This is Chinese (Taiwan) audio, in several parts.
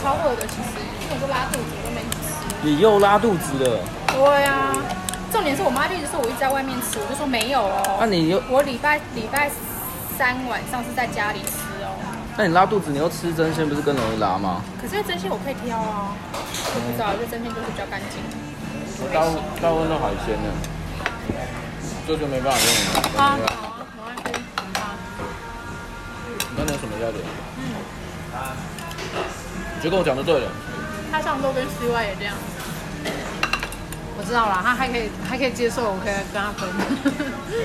超餓的，其實因為我就拉肚子都沒吃。你又拉肚子了？對呀、啊，重點是我媽就一直說我一直在外面吃，我就說沒有哦。那、啊、你又我禮拜禮拜三晚上是在家裡吃哦。那你拉肚子，你又吃生鮮，不是更容易拉嗎？可是生鮮我可以挑啊，嗯，找一些生鮮就是比較乾淨、嗯。我到到問到海鮮了，這就，就沒辦法用了。啊好啊好。慢、嗯、有什麼要點？嗯。啊覺得我講的對了。他上周跟 CY 也這樣。我知道了，他還可以，還可以接受，我可以跟他分。哎，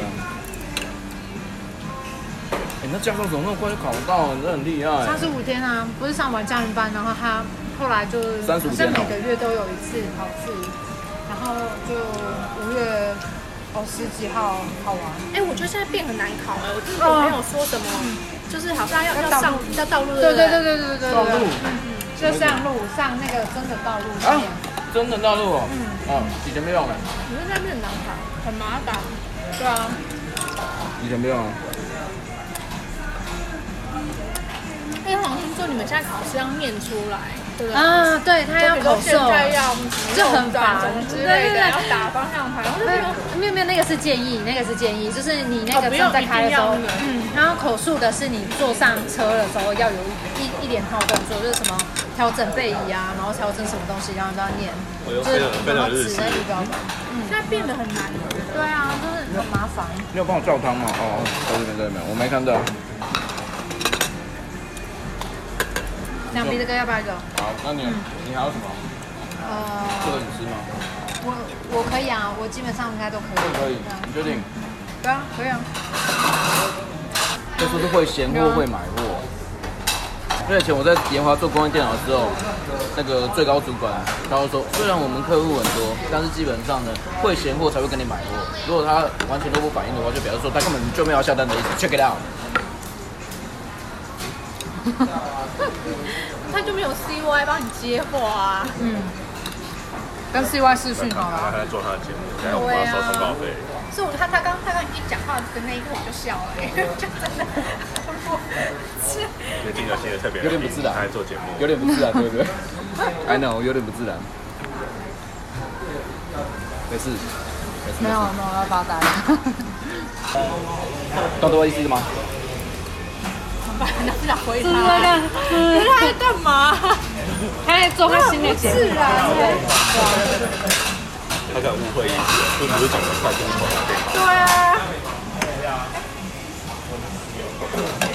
你那駕照怎麼那麼快就考到、啊？你這很厲害。三十五天啊，不是上完駕訓班，然後他後來就，好像每個月都有一次考試，然後就五月哦十幾號考完。哎，我覺得現在變很難考了。我記得我沒有說什麼、嗯？就是好像要要上要道路,要道路的。對對對對對,對,對就像路上那個真的道路上面真的道路。哦，嗯，啊，以前沒有的，你們在那邊難考，很麻煩，對啊，以前沒有。啊哎，我，欸、聽說你們現在考試要念出來，對不對？啊，對他要口述，就，說，要就很煩，對對，對要打方向盤。欸。沒有沒有，那個是建議，那個是建議，就是你那個時候在開的時候，哦的，嗯，然後口述的是你坐上車的時候要有一一,一點套動作，就是什麼。調整背椅啊，然後調整什麼東西，然後都要念，我就是只能一個。嗯，現在變得很難了。對啊，就是很麻煩。你有幫我照湯嗎？哦，在這邊在這邊我沒看到、啊。兩筆的哥要不要一個。好，那你、嗯、你還有什麼？呃，這個你吃嗎？我我可以啊，我基本上應該都可以。這個、可以。你確定對、啊啊嗯？對啊，可以啊。這是會嫌貨、嗯、會買貨。因為以前我在研華做工業電腦的時候，那個最高主管，他就說，雖然我們客戶很多，但是基本上呢，會嫌貨才會跟你買貨。如果他完全都不反應的話，就表示說他根本就沒有下單的意思，check it out。他就沒有 CY 幫你接貨啊。嗯。跟 CY、啊啊、是訊號了。他還在做他的節目，然後我幫他收承包費，所以我他他剛到剛一講話的那一刻，我就笑了，欸，就真的。有點不自然，還做節目，有點不自然，對不對？I know，有點不自然。沒事，沒事，沒有，那我要發呆。到 多多意思嗎？怎麼辦呢？回他，他在幹嘛？他在做他心目中的。是啊。他敢誤會，是不是長得太兇了？對啊。對啊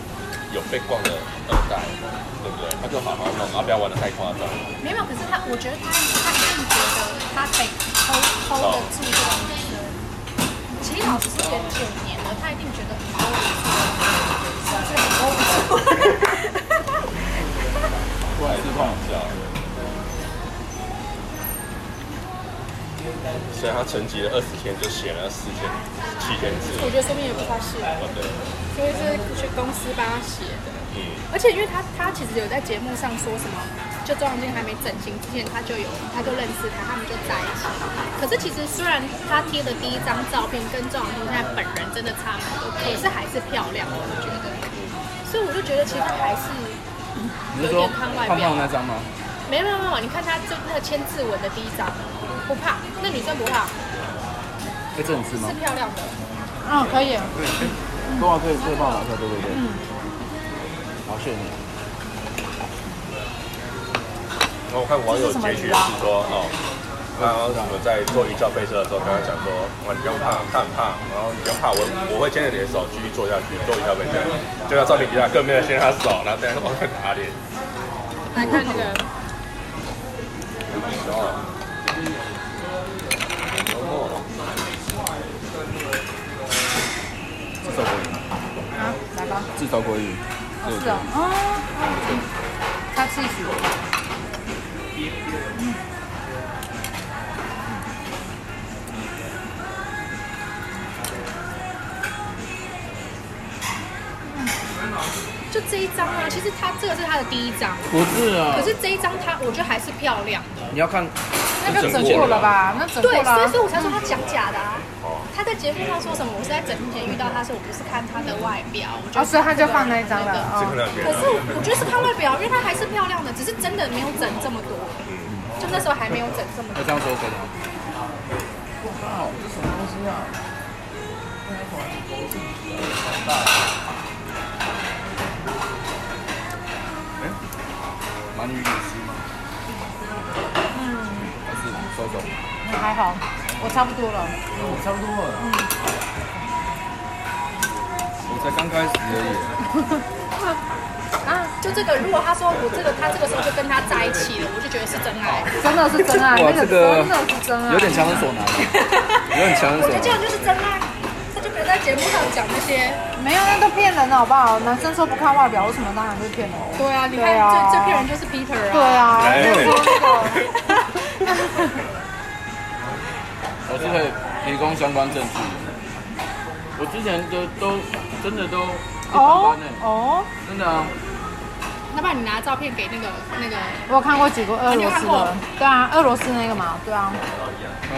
有被逛的等待，對不對？他就好好弄，啊，不要玩得太誇張。沒有，可是他，我覺得他，他一定覺得他可以偷偷的住這個，oh. 其實老師是學九年的，他一定覺得很多東西都是對的，所以你偷不住。所以他沉寂了二十天就寫了四千七千字，我覺得說明也不太適合。對，因為是去公司幫他寫。而且因為他，他其實有在節目上說什麼，就周揚青還沒整形之前，他就有他就認識他他們就在一起。可是其實雖然他貼的第一張照片跟周揚青現在本人真的差蠻多，可、嗯、是還是漂亮，我覺得。所以我就覺得其實他還是有點看外表。胖胖那張嗎？沒有沒有，你看他，就那千字文的第一張。不怕，那你真不怕。可這樣吃嗎？是漂亮的。嗯、哦，可以、嗯，可以。對。多少可對對對。嗯、好炫！然後我看網友截取的是說，是哦，剛剛我們在做雲霄飛車的時候，剛剛講說，我、嗯、你不要怕，他很胖，然後你不要怕，我我會牽着你的手繼續做下去，做雲霄飛車。這張照片底他，更沒有牽他手，那這張照片在哪裡？來看這個。哦。對啊、來吧，是刀魚，是啊，哦，他四十，嗯，就這一張啊。其實他這個是他的第一張，不是啊，可是這一張他我覺得還是漂亮的，你要看，那個整過了吧？啊，那整過了。啊，對，所以說我才說他講假的啊。啊、嗯他在節目上說什麼？我是在整容前遇到他的時候，說我不是看他的外表。就是那個、哦，是他就放那一張的、那個哦。可是我就是看外表，因為他還是漂亮的，只是真的沒有整這麼多。就那時候還沒有整這麼多。這樣收工。我靠，這什麼東西啊？哎，鰻魚。嗯。還是收工。那還好。我差不多了。我、哦、差不多了。嗯、我才剛開始而已、 啊。就這個，如果他說我這個，他這個時候就跟他在一起了，我就覺得是真愛。 真的是真愛。哇，這個、那個、真的是真愛。這個、有點強人所難、啊。 有點強人所難，我覺得這樣就是真愛。那就別在節目上講那些。沒有，那都騙人的好不好？ 男生說不看外表，為 什麼當然會騙人？對啊，你看，這騙、啊、人就是 Peter 啊。對啊。 我是可以提供相關證據。我之前的都、都真的都哦哦、欸，oh? Oh? 真的啊。那不然你拿照片給那個那個？我有看過幾個俄羅斯的、嗯。對啊，俄羅斯那個嘛，對啊。嗯。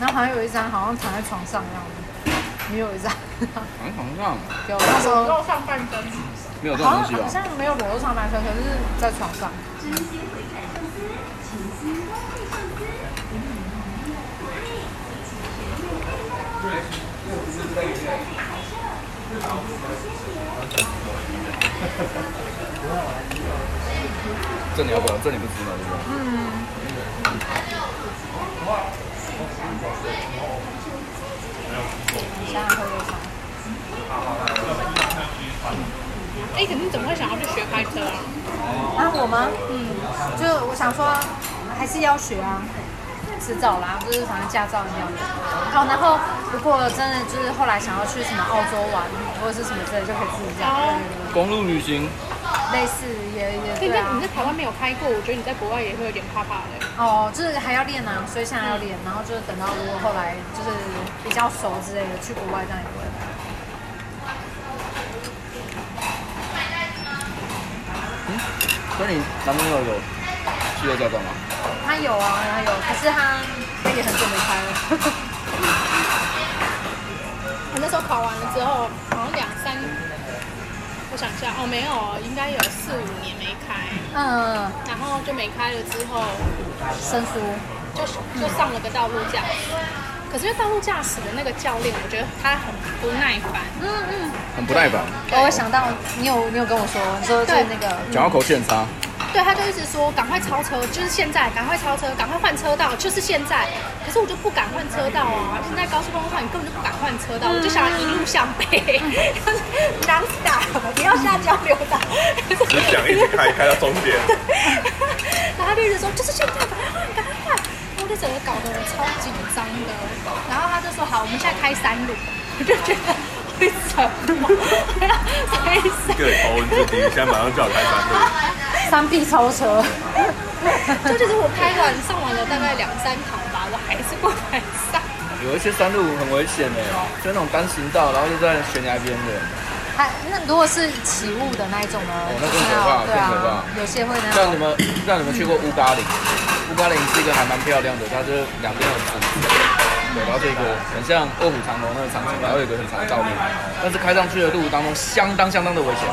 然後還有一張好像躺在床上樣的樣子，沒有一張。 躺在床上。給我說有。露上半身。沒有露東西、喔。好像沒有裸露上半身，可是在床上。嗯這你要不要？這你不吃嗎？是不是？嗯。哎，肯定怎麼會想要去學開車啊？那、嗯啊、我嗎？嗯，就我想說，還是要學啊。執照啦，就是好像駕照一樣的。好、哦，然後如果真的就是後來想要去什麼澳洲玩，或者是什麼之類的，就可以自己這、啊、公路旅行。類似也也對、啊、你在台灣沒有開過，我覺得你在國外也會有點怕怕的。哦，就是還要練啊，所以現在要練，嗯、然後就是等到如果後來就是比較熟之類的，去國外這樣也不會。嗯，所以你男朋友有需要駕照嗎？他有啊，他有，可是他，他也很久沒開了。我、 嗯、那時候考完了之後，好像兩三我想一下，哦，沒有，應該有四五年沒開。嗯。然後就沒開了之後，生疏，就就上了個道路駕駛，嗯。可是因為道路駕駛的那個教練，我覺得他很不耐煩。嗯嗯。很不耐煩。Okay. 我會想到你有你有跟我說，你說在那個。講話，嗯、口氣很對，他就一直說趕快超車，就是現在，趕快超車，趕快換車道，就是現在。可是我就不敢換車道啊！現在高速公路上你根本就不敢換車道，我就想一路向北。Nastar，、嗯嗯、不要下交流道、嗯。只想一直開開到終點。 然後他一直說就是現在，趕快換，趕快換。我就整個搞得我超緊張的。然後他就說好，我們現在開山路。我就覺得為什麼？對 ，uh, 你高你就第一天馬上就要開山路。 山地超車， 這 就，就是我開完上完了大概兩三堂吧，我還是不敢上。有一些山路很危險的、欸嗯，就那種單行道，然後就在懸崖邊的。還那如果是起霧的那一種呢？嗯、那更可怕，更可怕。有些會的。像你們，像你們去過烏嘎彥、嗯，烏嘎彥是一個還蠻漂亮的，它就是兩邊很長、嗯、對，對然後、這個、吧？這個很像臥虎藏龍那個場景，然後有一個很長的峭壁、嗯嗯，但是開上去的路當中相當相當的危險。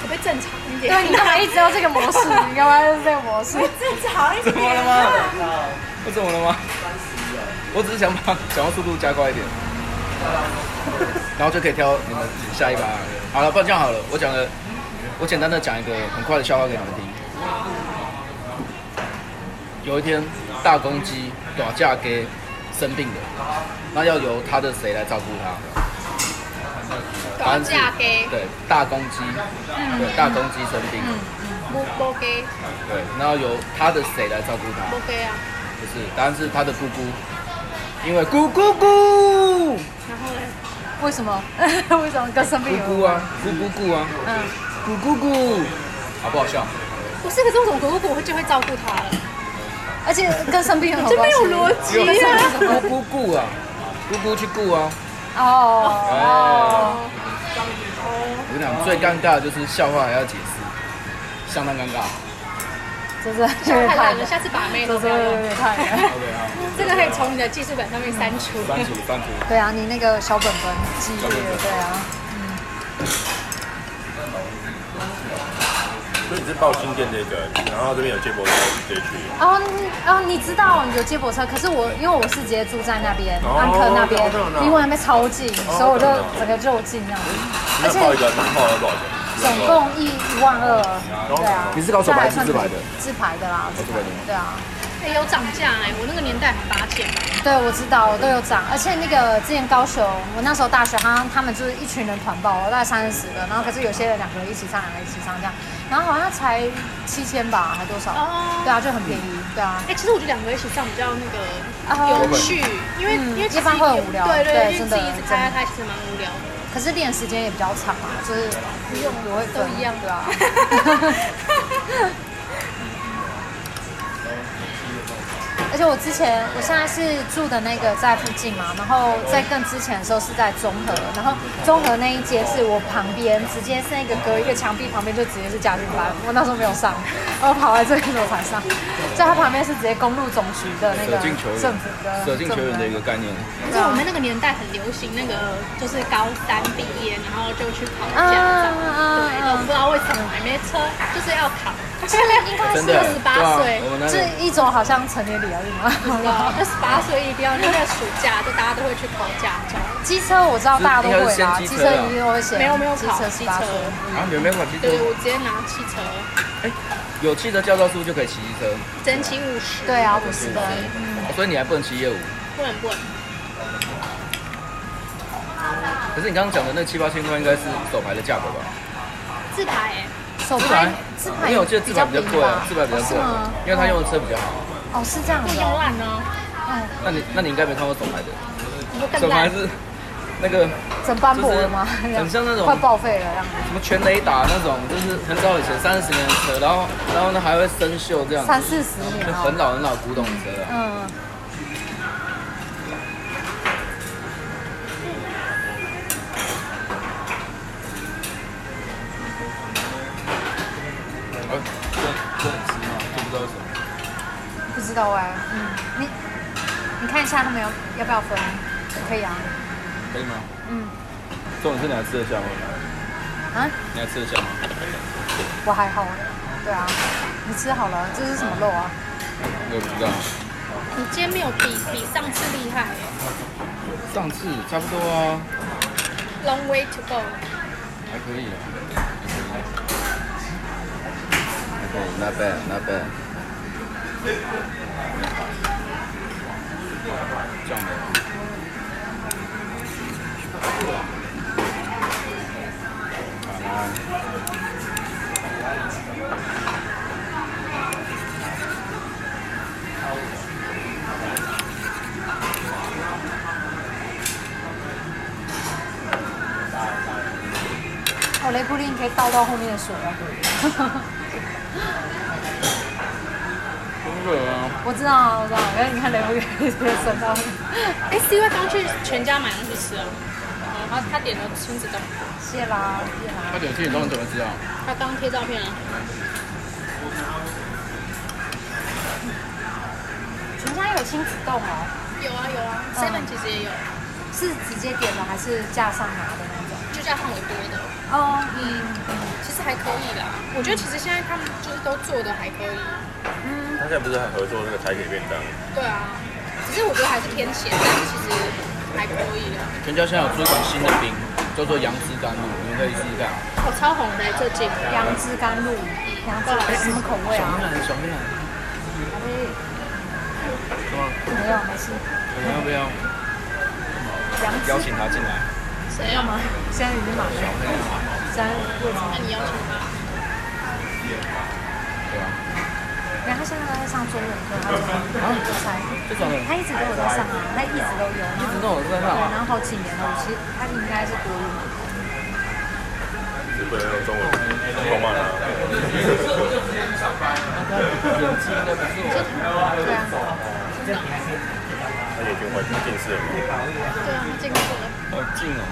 特別正常。 對你幹嘛一直要這個模式？你幹嘛要這個模式？正常。怎麼了嗎？我怎麼了嗎？我只是想把想要速度加快一點，然後就可以挑你們下一把。好了，不然這樣好了。我講了，我簡單的講一個很快的笑話給你們聽。有一天，大公雞寡，嫁給生病的，那要由他的誰來照顧他？公雞，對大公雞，嗯、對大公雞生病，母母雞，對、嗯，然後由他的誰來照顧他？母雞啊？不、就是，當然是他的姑姑，因為姑姑姑。然後呢？為什麼？為什麼跟生病有？姑姑啊，姑姑姑啊，嗯，姑姑姑，好不好笑？不是這種姑姑，姑會會照顧他了，而且跟 生病有關係。這沒有邏輯啊！姑姑姑啊，姑 姑去顧啊。哦、oh, oh, oh, oh. 我跟你講，最尷尬的就是笑話還要解釋，相當尷尬。真是太爛了，下次把妹都這樣看。這個可以從你的記事本上面刪除。刪除刪除。對啊，你那個小本本記得。對啊。對啊。嗯。所以你是報新店這個，然後這邊有接駁車直接去。哦，哦，你知道有接駁車，可是我因為我是直接住在那邊，安科那邊，因為那邊超近，所以我就整個就近那種。That's、而且報一個，報了多少錢？總共一一萬二，對啊。你是考什麼牌的？自排的啦。自排、oh, 自排的。對啊。欸、有漲價哎！我那個年代很八千。對，我知道我都有漲，而且那個之前高雄，我那時候大學，好像他們就是一群人團報，大概三十個，然後可是有些人兩個人一起上，兩個人一起上這樣。然後好像才七千吧，還多少？哦、對啊，就很便宜。嗯、對啊。哎，其實我覺得兩個人一起上比較那個有趣，啊嗯、因為因為一般會很無聊對，對對，真的真的，一直拍，其實蠻無聊的。可是練時間也比較長啊，就是不用我會、啊、都一樣的。對啊 而且我之前，我現在是住的那個在附近嘛，然後在更之前的時候是在中和，然後中和那一街是我旁邊，直接是那個隔一個牆壁旁邊就直接是駕訓班，我那時候沒有上，然 後跑來這裡我才上，在 他旁邊是直接公路總局的那個政府的舍進球員的一個概念、嗯啊嗯嗯。而且我們那個年代很流行那個，就是高三畢業然後就去考駕照，啊、對，啊、不知道為什麼還沒車，嗯、就是要考。現 在應該是二十八歲，這、啊啊、一種好像成年禮而已嗎？ 不知道、啊。二十八歲一定要 那個暑假，就大家都會去考駕照。機車我知道大家都會啊，機車一定都會寫。沒有沒有，機車，車、汽、嗯、車。啊，有沒有考機車？對我直接拿汽車。哎、欸，有汽車駕照書就可以騎機車。整起五十。對啊，五十個。所以你還不能騎業務。不能不能。可是你剛剛講的那七八千塊，應該是手排的價格吧？自排哎、欸手排，自排、嗯、因為我記得自排比較貴啊，自排比較貴、哦，因為他用的車比較好。哦，是這樣子的。不、嗯、油、嗯、那你，那你應該沒看過手排的。手排、嗯、還是那個。整斑駁了嗎、就是？很像那種。快報廢了，這樣子。什麼全雷打那種？就是很早以前，三十年的車，然後，然後呢還會生鏽這樣子。三四十年。就很老很老古董車了。嗯。嗯欸、嗯，你，你看一下他們要要不要分？可以啊。可以嗎？嗯。這種是你還吃得下嗎？啊？你還吃得下嗎？我還好。對啊，你吃好了。這是什麼肉啊？我不知道。你今天沒有比比上次厲害。上次差不多啊。Long way to go 還。還可以啊。Okay, not bad, not bad. 哦，雷布丁可以倒到後面的水啊，對。 我知道，我知道。哎、欸，你看雷歐給給收到。哎、欸，是因為剛去全家買東西吃啊，然、嗯、後他點了親子丼，謝啦謝啦。他點親子丼，怎麼知道、啊嗯？他剛貼照片了。嗯、全家有親子丼哦，有啊有啊，seven、嗯、其實也有。是直接點的還是架上拿的那種？就架上很多的哦、嗯嗯。嗯，其實還可以啦、啊嗯，我覺得其實現在他們就是都做的還可以。嗯。嗯他現在不是很合作那個台鐵便當？對啊，只是我覺得還是偏鹹，但是其實還可以啊。全家現在有出一款新的冰，叫做楊枝甘露，你們可以試一下哦，超紅的這季楊枝甘露，楊師什麼口味啊？熊奶，熊奶、啊。可以。是、啊、嗎？沒有，沒事。你要不要？邀請他進來。誰要嗎？現在已經滿了。三六，那你邀請他。對吧？他現在在上中文課嗎？然後初三，就、啊、轉他一直都有在上嗎、啊啊啊？他一直都有，他一直都有在上，啊有在上，啊有在上啊。對，然後好幾年了，其實他應該是國語、啊。 對啊，中文、啊，中文啊。對啊。他眼睛會近視。對啊，近視了。好近哦。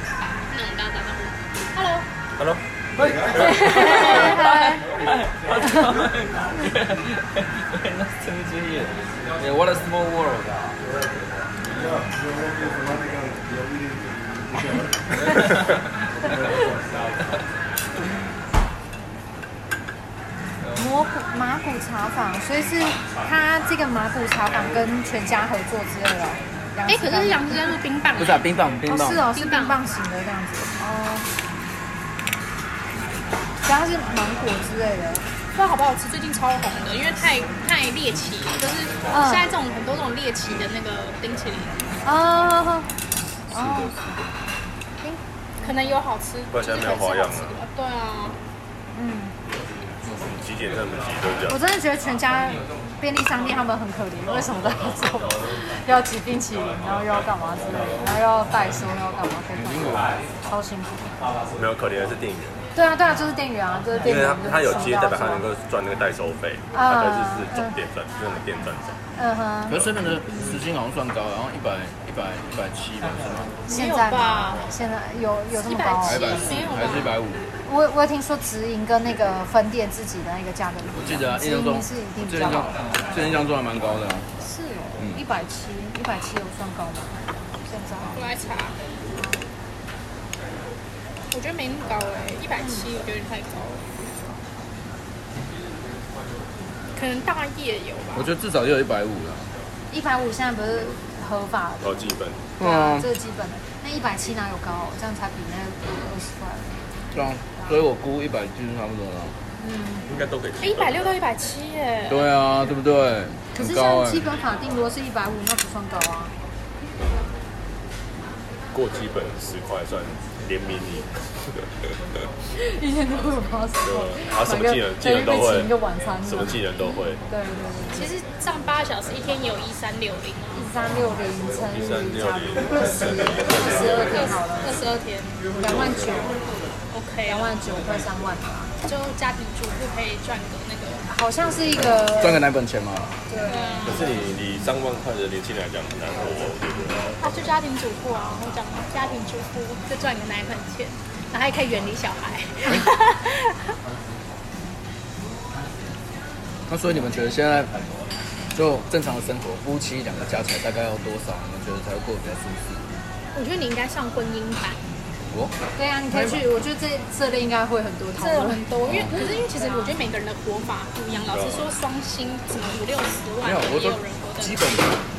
Hello、嗯。Hello, Hello.。 對，哈哈 small world. 麻 古麻古茶坊，所以是它這個麻古茶坊跟全家合作之類的。哎，可是是楊枝甘露冰棒？不是、啊、冰棒，冰棒、oh, 是哦，是冰棒型的這樣子。哦、uh。加上是芒果之類的，不知道好不好吃。最近超紅的，因為太太獵奇就是現在這種、嗯、很多這種獵奇的那個冰淇淋、嗯嗯、啊、啊哦、嗯，可能有好吃，不過現在沒有花樣了。對啊，嗯，幾點上？幾點收假？我真的覺得全家便利商店他們很可憐，為什麼都要做？要擠冰淇淋，然後又要幹嘛之類的，還要代收，又要幹嘛？超辛苦。沒有可憐的是店員。對啊，對啊，就是店員啊，就是店員。因為他，他有接，代表他能夠賺那個代收費，大、啊、就是總電費、呃，就是電費漲、呃。嗯哼、嗯，可是這邊的時薪好像算高、嗯、然後一百一百一百七吧，是嗎？現在吧現在有有，有這麼高？還一百五，還是一百五？我我聽說直營跟那個分店自己的那個價格，我記得啊，直營是一定比較高。直營這樣賺還蠻高的。是哦，一百七，一百七，有算高嗎？現在我來查。我覺得沒那麼高哎、欸，一百七我覺得太高了，可能大業有吧。我覺得至少要有一百五了。一百五現在不是合法的過基本？對啊，對啊，這個、基本的。那一百七哪有高，這樣才比那個多二十塊。嗯、這樣所以我估一百就是差不多了。嗯，應該都可以。一百六到一百七哎。對啊，對不對？可是現在基本法定多是一百五，那不算高啊。嗯、過基本十塊算。聯名你， 一天都會有八十萬，啊，個，什麼技能技能都會一個晚餐，什麼技能都會。對，對，對，對，其實上八小時一天有一三六零，一三六零乘以二十二，二十二天，兩萬九，OK 兩萬九快三萬就家庭主婦可以賺個那個。好像是一個賺、嗯、個奶粉錢嘛，對、啊。可、啊、是你你上萬塊的年輕人來講很難過，他是家庭主婦啊，我講家庭主婦就賺個奶粉錢，然後還可以遠離小孩。欸、 那所以你們覺得現在就正常的生活，夫妻兩個加起來大概要多少？你們覺得才會過得比較舒適？我覺得你應該上婚姻版。 對、哦、啊、嗯，你可以去。我覺得這這類應該會很多。這有很多，因為、嗯、可是因為其實我覺得每個人的活法不一樣。老實說雙薪什麼五六十萬，也有人活的。基本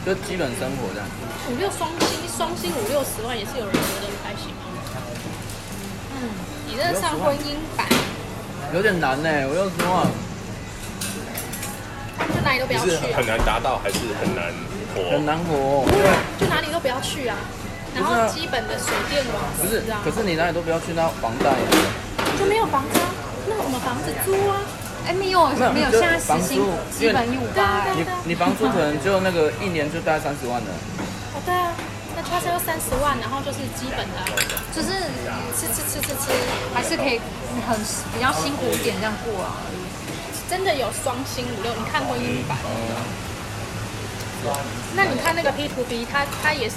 就基本生活這樣子五六雙薪，雙薪五六十萬也是有人活得開心嗎？嗯，你那上婚姻版有點難呢、欸。我用什、嗯、啊就哪裡都不要去、啊。是很難達到，還是很難活？很難活、哦。對，就哪裡都不要去啊。然後基本的水電網不是，可是你哪裡都不要去，那房貸、啊，就沒有房子啊？那我們房子租啊？哎、欸、沒有，沒有，現在時薪基本有一五八，你房租可能就那個一年就大概三十萬了。哦、嗯、對啊，那差不多三十萬，然後就是基本的，就是、嗯、吃吃吃吃吃，還是可以很比較辛苦一點這樣過啊。嗯、真的有雙薪五六，你看過一百？嗯嗯嗯那你看那個 P to B，他他也是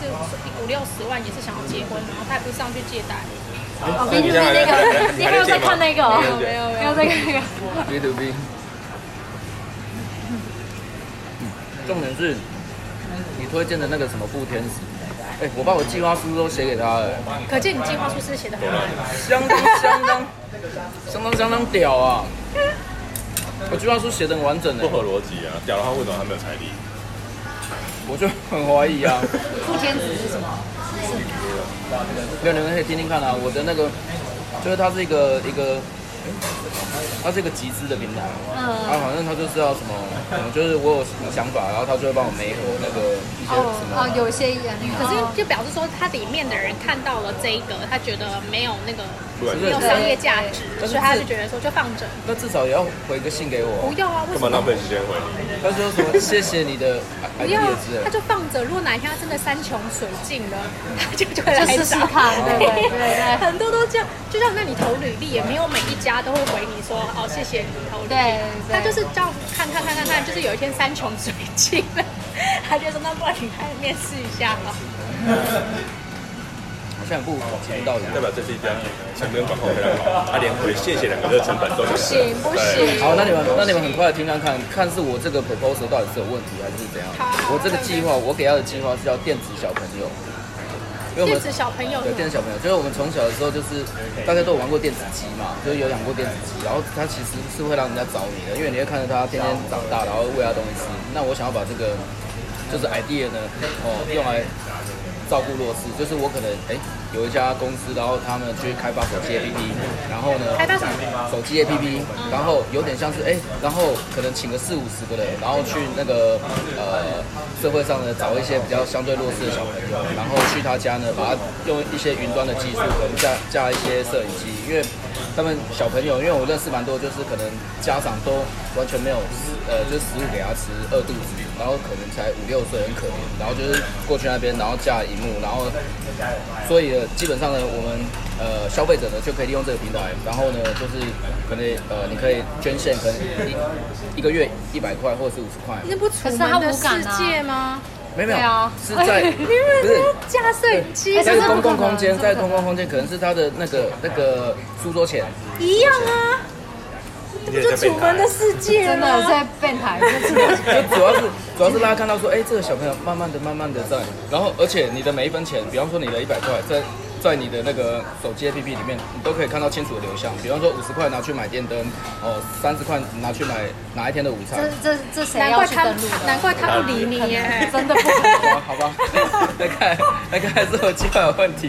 五六十萬，也是想要結婚，然後他也不是上去借貸。哦斌就是那個，你還在， 在，在看那個、喔哦？沒有沒有 沒有。P to B，重點是你推薦的那個什麼富天使，哎、欸，我把我計劃書都寫給他了、欸。可見你計劃書是寫的很、啊，相當相當 相當相當屌啊！ 我計劃書寫的很完整、欸。的不合邏輯啊，屌的話為什麼還沒有彩禮？我就很懷疑啊，副兼職是什麼？沒有你們可以聽聽看啊，我的那個就是它，是一個一個。它是一個集資的平台有沒有，嗯，啊，反正他就是要什麼、嗯，就是我有什麼想法，然後他就會幫我媒合那個一些什麼，啊、哦哦，有些、嗯，可是就表示說他裡面的人看到了這個，他覺得沒有那個沒有商業價值，所以他、就是、就覺得說就放着。那至少也要回個信給我，不要啊，為什麼浪費時間回？他說什麼謝謝你的， 不要，他就放着，如果哪一天他真的山窮水盡了，他就。就試試看，試試看、哦對對對，對對對，很多都這樣，就像那你投履歷，也沒有每一家都會回你說，哦，謝謝你投履歷，對，對，對，他就是這樣，看看看看看，就是有一天山窮水盡他就對對對說，那不然你來面試一下嘛。好像、嗯、不講、哦、到理，代表這是一家成本管控非常好，打兩回謝謝兩個，的成本都不行不行，好，那你們那你們很快聽看看看，是我這個 proposal 到底是有問題還是怎樣？我這個計劃，我給他的計劃是叫電子小朋友。電子小朋友，對，電子小朋友，就是我們從小的時候，就是大家都有玩過電子雞嘛，就是有養過電子雞，然後它其實是會讓人家找你的，因為你會看著它天天長大，然後餵它東西吃。那我想要把這個就是 idea 呢，哦、喔，用來。照顧弱勢，就是我可能哎、欸，有一家公司，然後他們去開發手機 APP，然後呢，開發什麼手機 APP，然後有點像是哎、欸，然後可能請個四五十個人，然後去那個呃社會上呢找一些比較相對弱勢的小朋友，然後去他家呢，把他用一些雲端的技術，可能架架一些攝影機，因為。他們小朋友，因為我認識蠻多，就是可能家長都完全沒有食，呃，就是食物給他吃，餓肚子，然後可能才五六歲，很可憐，然後就是過去那邊，然後架螢幕，然後所以基本上呢，我們呃消費者呢就可以利用這個平台，然後呢就是可能呃你可以捐獻，可能一一,一個月一百塊或者是五十塊，可是好、啊、世界嗎？沒有、啊、是在、哎、不是架設其實在公共空間，在公共空間，可能，共空間可能是他的那個那個書桌前一樣啊，這不就楚門的世界、啊，真的在電台， 就主要是主要是，主要是讓大家看到說，哎、欸，這個小朋友慢慢的慢慢的在，然後而且你的每一分錢，比方說你的一百塊在。在你的那個手機 APP 裡面，你都可以看到清楚的流向。比方說，五十塊拿去買電燈，哦，三十塊拿去買哪一天的午餐。這這這誰要去登錄？難怪他不理你耶，真的不理 好吧，來 看，來看，還是我機況有問題。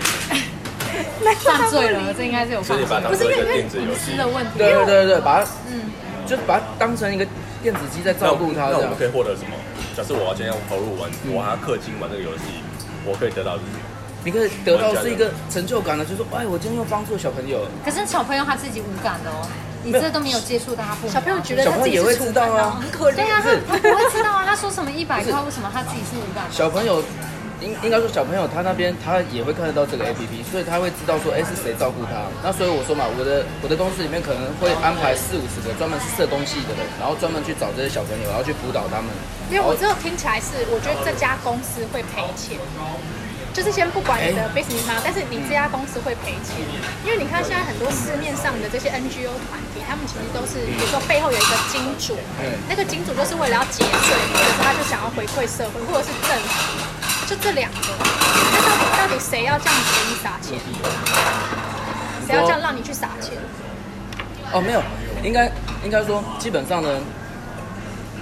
那 犯罪了，這應該是有罪罪，不是因為電子遊戲的問題，對對對，對、嗯、把它，嗯，就把它當成一個電子機在照顧它。那我們可以獲得什麼？假設我今天投入玩，我還要氪金玩這個遊戲、嗯，我可以得到的是什麼？你可以得到是一個成就感了，就是說哎，我今天又幫助小朋友。可是小朋友他自己無感的哦，你這都沒有接觸到他。小朋友覺得他自己，小朋友也會知道啊，對啊，他，他不會知道啊。他說什麼一百塊，為什麼他自己是無感的？小朋友應應該說，小朋友他那邊，他也會看得到這個 A P P，所以他會知道說哎、欸、是誰照顧他。那所以我說嘛，我的我的公司裡面可能會安排四五十個專門是設東西的人，然後專門去找這些小朋友，然後去輔導他們。因為我知道聽起來是，我覺得這家公司會賠錢哦。就是先不管你的 business，欸、但是你這家公司會賠錢，因為你看現在很多市面上的這些 NGO 團體，他們其實都是，比如說背後有一個金主，欸、欸、那個金主就是為了要節稅，或者是他就想要回饋社會，或者是政府，就這兩個，那到底到底誰要這樣子給你撒錢？誰要這樣讓你去撒錢？哦，沒有，應該應該說，基本上呢。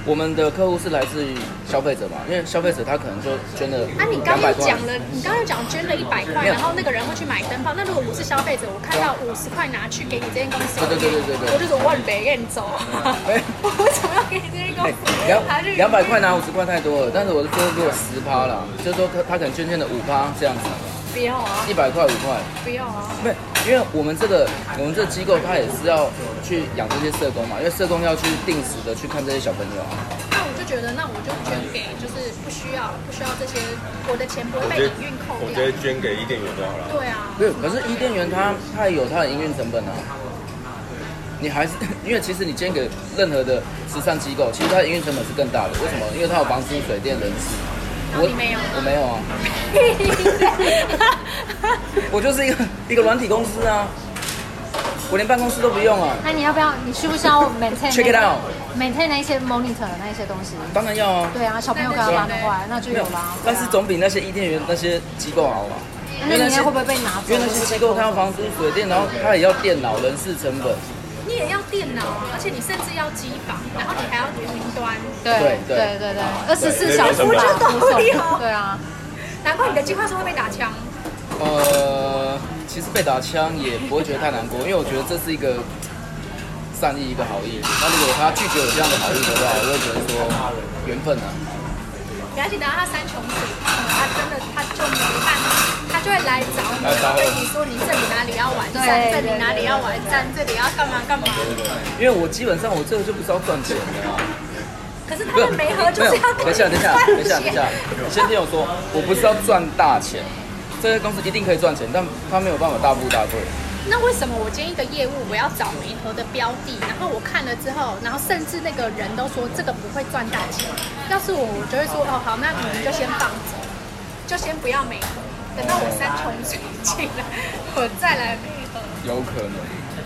我們的客戶是來自於消費者吧，因為消費者他可能說捐了啊，你剛剛又講了，你剛剛又講捐了一百塊，然後那個人會去買燈泡。那如果我是消費者，我看到五十塊拿去給你這間公司，對對對對對，對，對，對我就是萬別跟你走，嗯哎、我為什麼要給你這間公司？兩兩百塊拿五十塊太多了，但是我就是多給我十趴了，就是說他他可能捐獻了五趴這樣子。不要啊！一百塊五塊，不要啊！不，因為我們這個我們這機構，它也是要去養這些社工嘛，因為社工要去定時的去看這些小朋友啊。那我就覺得，那我就捐給，就是不需要，不需要這些，我的錢不會被營運扣掉。我覺得，我覺得捐給伊甸園就好了。對啊，不是，可是伊甸園它它有它的營運成本啊。你還是因為其實你捐給任何的慈善機構，其實它的營運成本是更大的。為什麼？因為它有房租、水電、人事。沒有我我沒有啊、哦，哈 哈，我就是一個一個軟體公司啊，我連辦公室都不用啊。那你要不要？你需不需要 maintain？Check it out，maintain 那些 monitor 那些東西？當然要啊。對啊，小朋友給他拉的話，那就有啦有、啊、但是總比那些伊甸園那些機構好了、啊。因為那些會不會被拿走？因為那些機構他要房租、水電，然後他也要電腦、人事成本。你也要電腦、啊，而且你甚至要機房，然後你還要雲端對。對對對對、嗯、對，二十四小時不就到了嗎？對啊，難怪你的計劃書會被打槍。呃，其實被打槍也不會覺得太難過，因為我覺得這是一個善意一個好意。那如果他拒絕我這樣的好意的話，我會覺得說緣分啊。而且等下，他三窮可能他真的他就沒辦法。他就會來找你，跟你說你這裡哪裡要完善，這裡哪裡要完善，對對對站這裡要幹嘛幹嘛對對對。因為我基本上我這個就不是要賺錢了、啊。 可是他媒合就是要等一下，等一下，等一下，等一下。你先聽我說，我不是要賺大錢，這個公司一定可以賺錢，但他沒有辦法大步大退。那為什麼我今天一個業務，我要找媒合的標的？然後我看了之後，然後甚至那個人都說這個不會賺大錢。要是我，我就會說哦好，那你們就先放着，就先不要媒合。等到我山窮水盡了，我再來配合。有可能，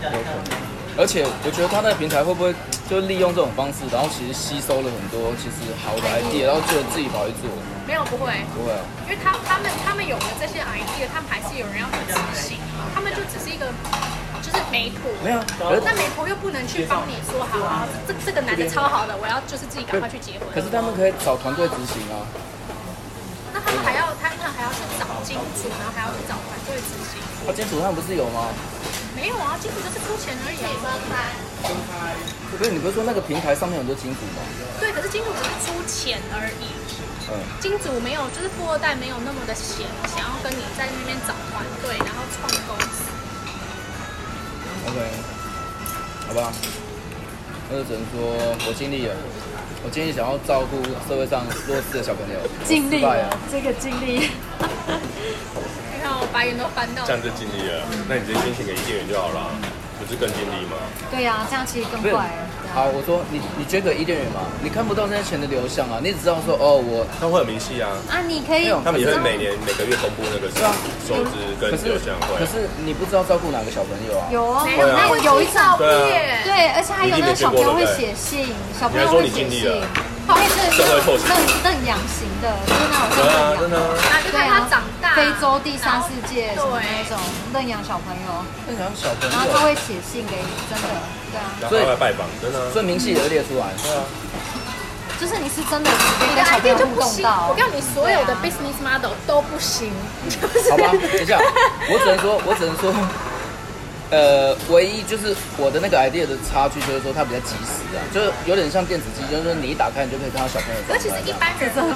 有可能。而且我覺得他那個平台會不會就利用這種方式，然後其實吸收了很多其實好的 idea，然後就自己跑去做，嗯。沒有，不會。不會、啊，因為他他們他們有了這些 idea，他們還是有人要去執行，他們就只是一個就是媒婆。沒有、啊，那媒婆又不能去幫你說好啊，這這，這個男的超好的，我要就是自己趕快去結婚。可是他們可以找團隊執行啊。嗯金主、啊，然後還要去找團隊執行。他金主上、啊，不是有嗎？沒有啊，金主就是出錢而已。分開。分、啊、開，所以你不是說那個平台上面很多金主嗎？對，可是金主只是出錢而已。嗯。金主沒有，就是富二代沒有那麼的閒，想要跟你在那邊找團隊，然後創公司。OK，好吧。那就只能說我盡力了。我今天想要照顧社會上弱勢的小朋友，盡力了。這個盡力，你看我白雲都翻到，這樣就盡力了、嗯。那你直接申請給一些人就好了，不是更盡力嗎？對呀、啊，這樣其實更快。好，我說你，你捐個一點點嗎？你看不到那些錢的流向啊！你只知道說哦，我他會有明細啊。啊，你可以，他們也會每年、啊、每年、每個月公布那個是、啊、收支跟流向。可是，可是你不知道照顧哪個小朋友啊？有啊，啊啊啊啊啊有我有一照顧。對，對，而且還有那個小朋友會寫信，小朋友會寫信，後面是認認養型的，啊型的啊、真的好像認養的，啊，就看他長。非洲第三世界、oh, 什麼那種認養小朋友，認養小朋友，然後他會寫信給你，真的，對啊，所以來拜訪，真的，所以明的列出來，對啊，就是你是真的是小朋友，你的 idea 就不行，我告訴你，所有的 business model 都不行，啊就是、好吧，等一下，我只能說，我只能說。 呃，唯一就是我的那個 idea 的差距就是說，它比較及時啊，就是有點像電子雞，就是說你一打開，你就可以看到小朋友的。而其實一般人之後，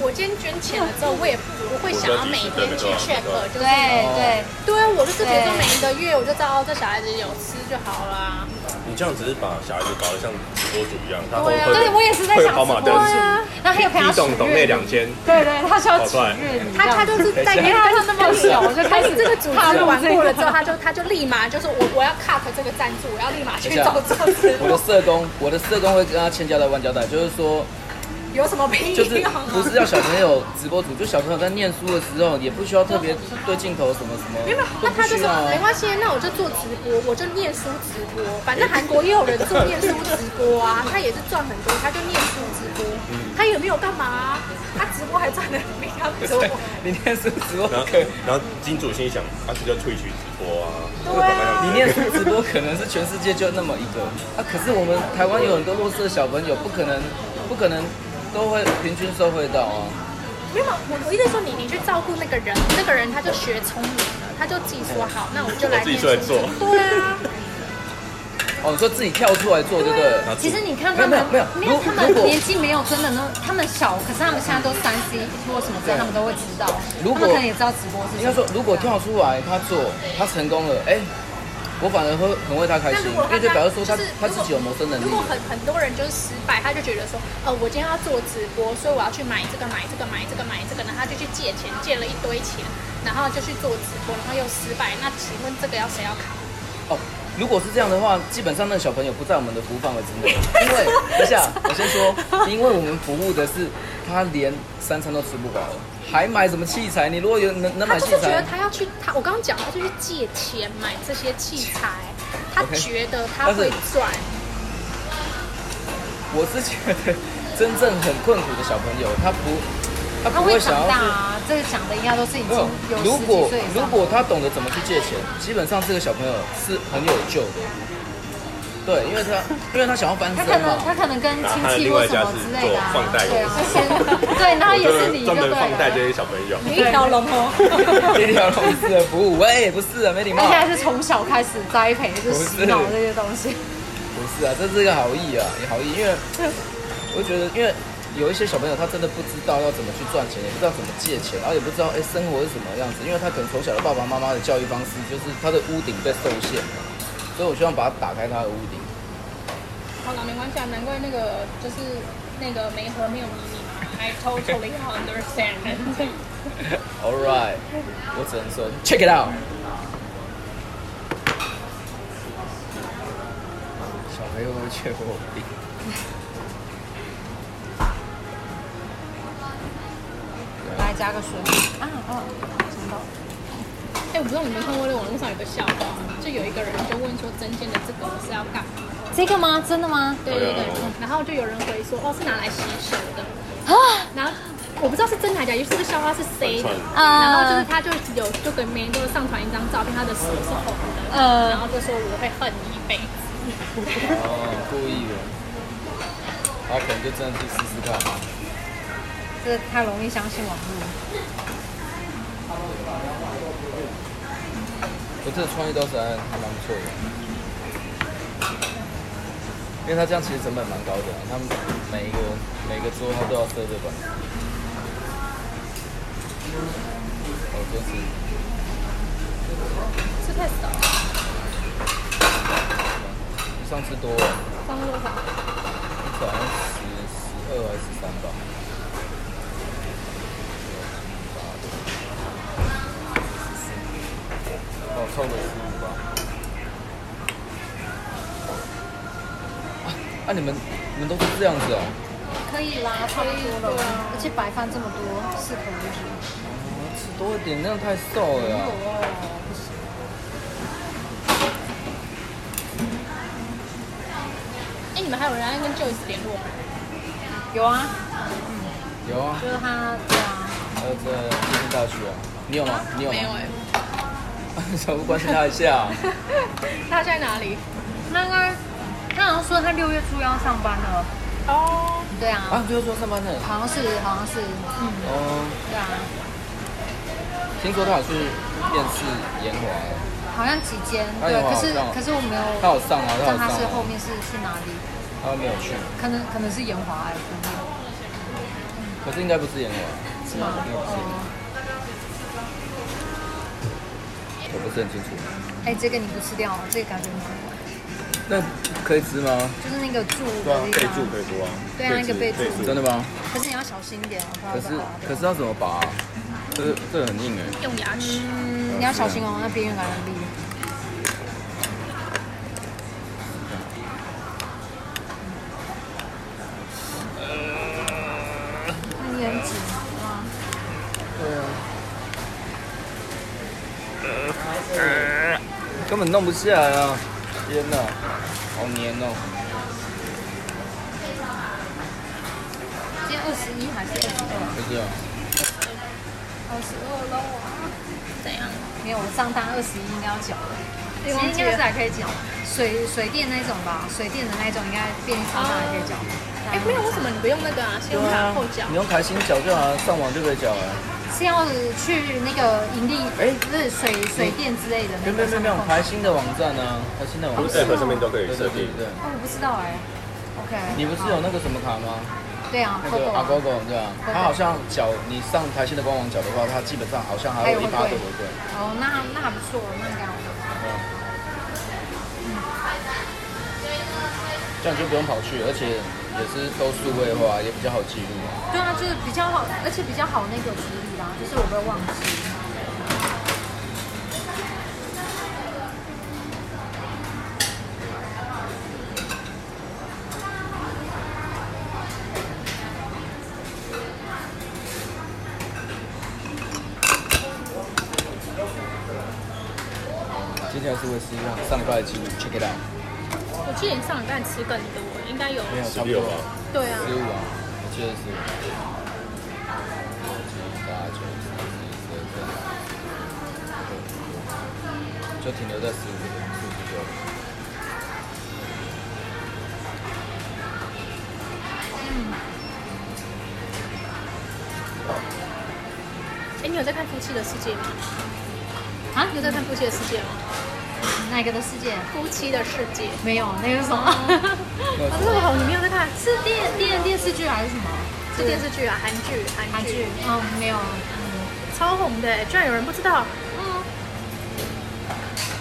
我今天捐錢了之後，我也不不會想要每一天去 check，就是對對對,對，我就是比如說每一個月，我就知道這小孩子有吃就好了。你這樣只是把小孩子搞得像直播主一樣，他會對、啊、是,我也是在想，跑馬燈、啊，然後還有朋友懂懂那兩千，對,啊、對,對對，他需要幾月？他他就是在跟他就那麼小 就開始這個組織完過了之後， 他就他就立馬。就是我，我要 cut 這個贊助，我要立馬去找公司。我的社工，我的社工會跟他千交代、萬交代，就是說有什麼就是不是要小朋友直播主，就小朋友在念書的時候，也不需要特別對鏡頭什麼什麼、啊。沒有，那他就說沒關係，那我就做直播，我就念書直播。反正韓國也有人做念書直播啊，他也是賺很多，他就念書直播，他也沒有幹嘛、啊，他直播還賺的很。對， 你念書直播，然後金主心想，啊這叫萃取直播啊，你念書直播，可能是全世界就那麼一個啊。可是我們台灣有很多弱勢的小朋友，不可能，不可能都會平均收回到啊。沒有我我意思說，你你去照顧那個人，那個人他就學聰明了，他就自己說好，那我們就來、啊、 自己出來做，對啊。哦，你說自己跳出來做，這個其實你看他們，沒有，沒，有沒有，沒有，他們年紀沒有真的那，他們小，可是他們現在都三 C，或什麼這樣，嗯、他們都會知道。如果他們可能也知道直播是什麼。應該說，如果跳出來他做，他成功了，哎，我反而會很為他開心，因為就表示說、就是、他他自己有謀生的能力。如果，如果很很多人就是失敗，他就覺得說，哦、呃，我今天要做直播，所以我要去買這個買這個買這個買這個，然後他就去借錢，借了一堆錢，然後就去做直播，然後又失敗。那請問這個要誰要扛？哦。如果是這樣的話，基本上那小朋友不在我們的服務範圍之內。因為等一下，我先說，因為我們服務的是他連三餐都吃不飽，還買什麼器材？你如果有能能買器材？我覺得他要去，他我剛剛講，他就去借錢買這些器材，他覺得他會賺。Okay. 我是覺得真正很困苦的小朋友，他不。他會，他會長大啊，這個想的應該都是已經有十幾歲的、嗯、如果如果他懂得怎麼去借錢，基本上這個小朋友是很有救的。對，因為他因為他想要翻身，他可能他可能跟親戚或什麼之類的、啊。的另外一家做放貸、啊就是啊，對，然後也是你一、 這個團隊，專門放貸這些小朋友。一條龍哦， 一條龍式的服務，喂，不是啊，沒禮貌。現在是從小開始栽培，就是洗腦這些東西不。不是啊，這是一個好意啊，也好意，因為我覺得因為。有一些小朋友，他真的不知道要怎麼去賺錢，也不知道怎麼借錢，然後也不知道哎、欸、生活是什麼樣子，因為他可能從小的爸爸媽媽的教育方式就是他的屋頂被受限。所以我希望把它打開他的屋頂。好了，沒關係，啊，難怪那個就是那個梅盒沒有秘密，I totally understand. All right，我只能說 check it out。小朋友卻有病。加個水。啊啊，真、啊、的。哎、欸，我不知道你們看過那有、啊，網絡上有個笑話，就有一個人就問說真見的這個是要幹嘛？這個嗎？真的嗎？對對對。嗯嗯、然後就有人回說，哦，是拿來洗手的。啊、嗯。然後我不知道是真的還是假的，就是這個笑話是誰的。然後就是他就有就跟每人都上傳一張照片，他的手是紅的。呃、嗯。然後就說我會恨你一輩子、嗯 哦。故意的。他可能就這樣去試試看吧。這個、太容易相信網絡、嗯哦。我這創意倒是還還蠻不錯的，因為他這樣其實成本蠻高的，他們每一個每一個桌他都要設這個。好、嗯，多、哦、次，吃太少。上次多。上次多少？好像十、十二還是十三吧。好、哦，瘦的食物吧？啊，啊你們你們都是這樣子哦、啊？可以啦，差不多了、啊，而且白飯這麼多，適可而止吃多一點那樣、個、太瘦了、啊。哎、啊欸，你們還有人跟舅子聯絡嗎？有啊、嗯有啊嗯。有啊。就是他，對啊。那、這個電信大學啊，你有嗎、啊？你有嗎？沒有、欸。小 不關心他一下、啊。 他在哪裡？剛剛他好像說他六月初要上班了。哦、oh.，對啊。啊，就是說上班的。好像是，好像是，oh. 嗯。哦、oh.，對啊。聽說他有去面試延華。好像幾間，對。可是可是我沒有。他有上啊，他但、啊、他是後面是去、啊、哪裡？他沒有去。可能可能是延華哎，可、嗯、可是應該不是延華。是、oh. 嗎？我不是很清楚。哎、欸，這個你不吃掉，這個感覺蠻怪。那可以吃嗎？就是那個柱，那個柱可以拔。對啊，一、啊啊啊那個背柱。真的嗎？可是你要小心一點哦。可是，可是要怎麼拔、啊嗯？這這很硬哎。用牙齒？你要小心哦，那邊緣很利。嗯弄不下來啊！天哪，好黏哦！今天二十一還是二十二？不是啊，二十二了哇！怎、嗯、樣？沒有，我上單二十一應該要繳的，其實我應該是還可以繳水水電那一種吧，水電的那一種應該變上了還可以繳。哎，不用，為什麼你不用那個啊？先用它後繳，你用台新繳就好，了上網就可以繳了、嗯是要去那個營地，哎、欸、不、那、是、個、水、欸、水電之類的那。沒有沒有沒有，台新的網站呢、啊？台、啊、新的網站、啊哦哦、對對設對、對、哦，我不知道哎、欸。Okay, 你不是有那個什麼卡嗎？對啊，那個、啊、阿狗狗對啊。它好像繳你上台新的官網繳的話，它基本上好像還有一八。多對對。哦，那那還不錯，那這樣、嗯。這樣就不用跑去，而且。也是都數位化也比較好記錄、啊、對啊，就是比較好，而且比較好的那個記理啦，就是我不會忘記。接下來是會吃上禮拜的紀錄，check it out。我記得上禮拜吃更多。應該有，沒有差不多，對啊，十六啊，就是，二七八九十一十二十三十四十五，就停留在十五的數字就。嗯。哎、嗯欸，你有在看，夫有在看夫、嗯《夫妻的世界》嗎？啊，有在看《夫妻的世界》嗎？哪個的世界？夫妻的世界。沒有，那個是什麼。 哦、這麼、個、紅，你沒有在看？是電電電視劇還是什麼？是，是電視劇啊，韓劇，韓劇。嗯、哦，沒有，嗯、超紅的，居然有人不知道。嗯。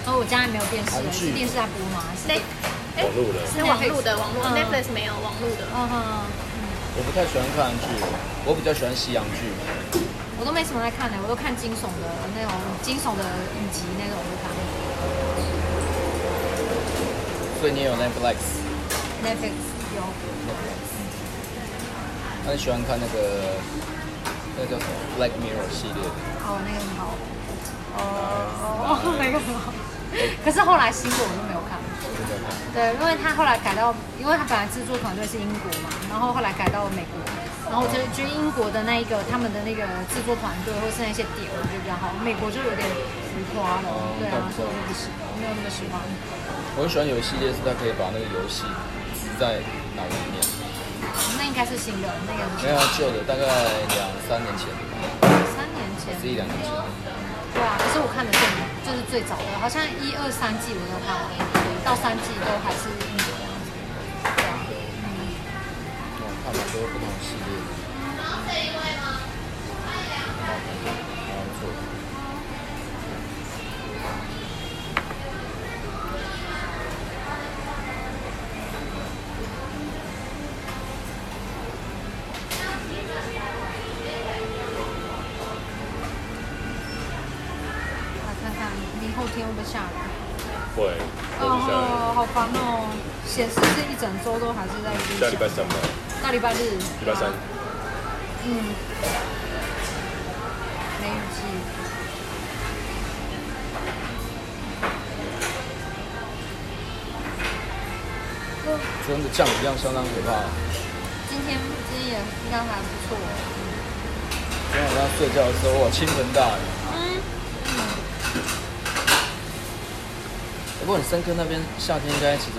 哦，我家裡沒有電視，是電視在播嗎？是，欸、網路的是網路的，Netflix, 網路、嗯、Netflix 沒有網路的。嗯哼。我不太喜歡看韓劇，我比較喜歡西洋劇。我都沒什麼在看呢，我都看驚悚的那種，驚悚的影集，那種武所以你也有 Netflix？那個 like, Netflix, 有，很、okay. 嗯啊、喜歡看那個，那個叫什麼《Black Mirror》系列。哦、oh,，那個很好。哦哦，那個很好。可是後來新的我就沒有看了，看對，因為他後來改到，因為他本來製作團隊是英國嘛，然後後來改到美國，然後我就覺得、oh. 就英國的那一個他們的那個製作團隊或是那些點，我覺得比較好。美國就有點浮誇了，oh, 對啊，我不喜沒有那麼喜歡。我很喜歡有一個系列，是他可以把那個遊戲。在哪一年,年？那應該是新的，那個沒有舊的，大概兩三年前,、哦、年前。三年前，是一兩年前、嗯。對啊，可是我看的電影就是最早的，好像一二三季我都有看完，到三季都還是對啊，嗯，我看了多不同系列的。嗯啊解釋是一整周都還是在下，下禮拜三吧。大禮拜日。禮拜三、啊。嗯。梅雨季、嗯。真的降雨量相當可怕。今天今天也應該還不錯。昨天晚上睡覺的時候，哇，傾盆大雨。嗯。不、嗯、過，你深坑那邊夏天應該其實。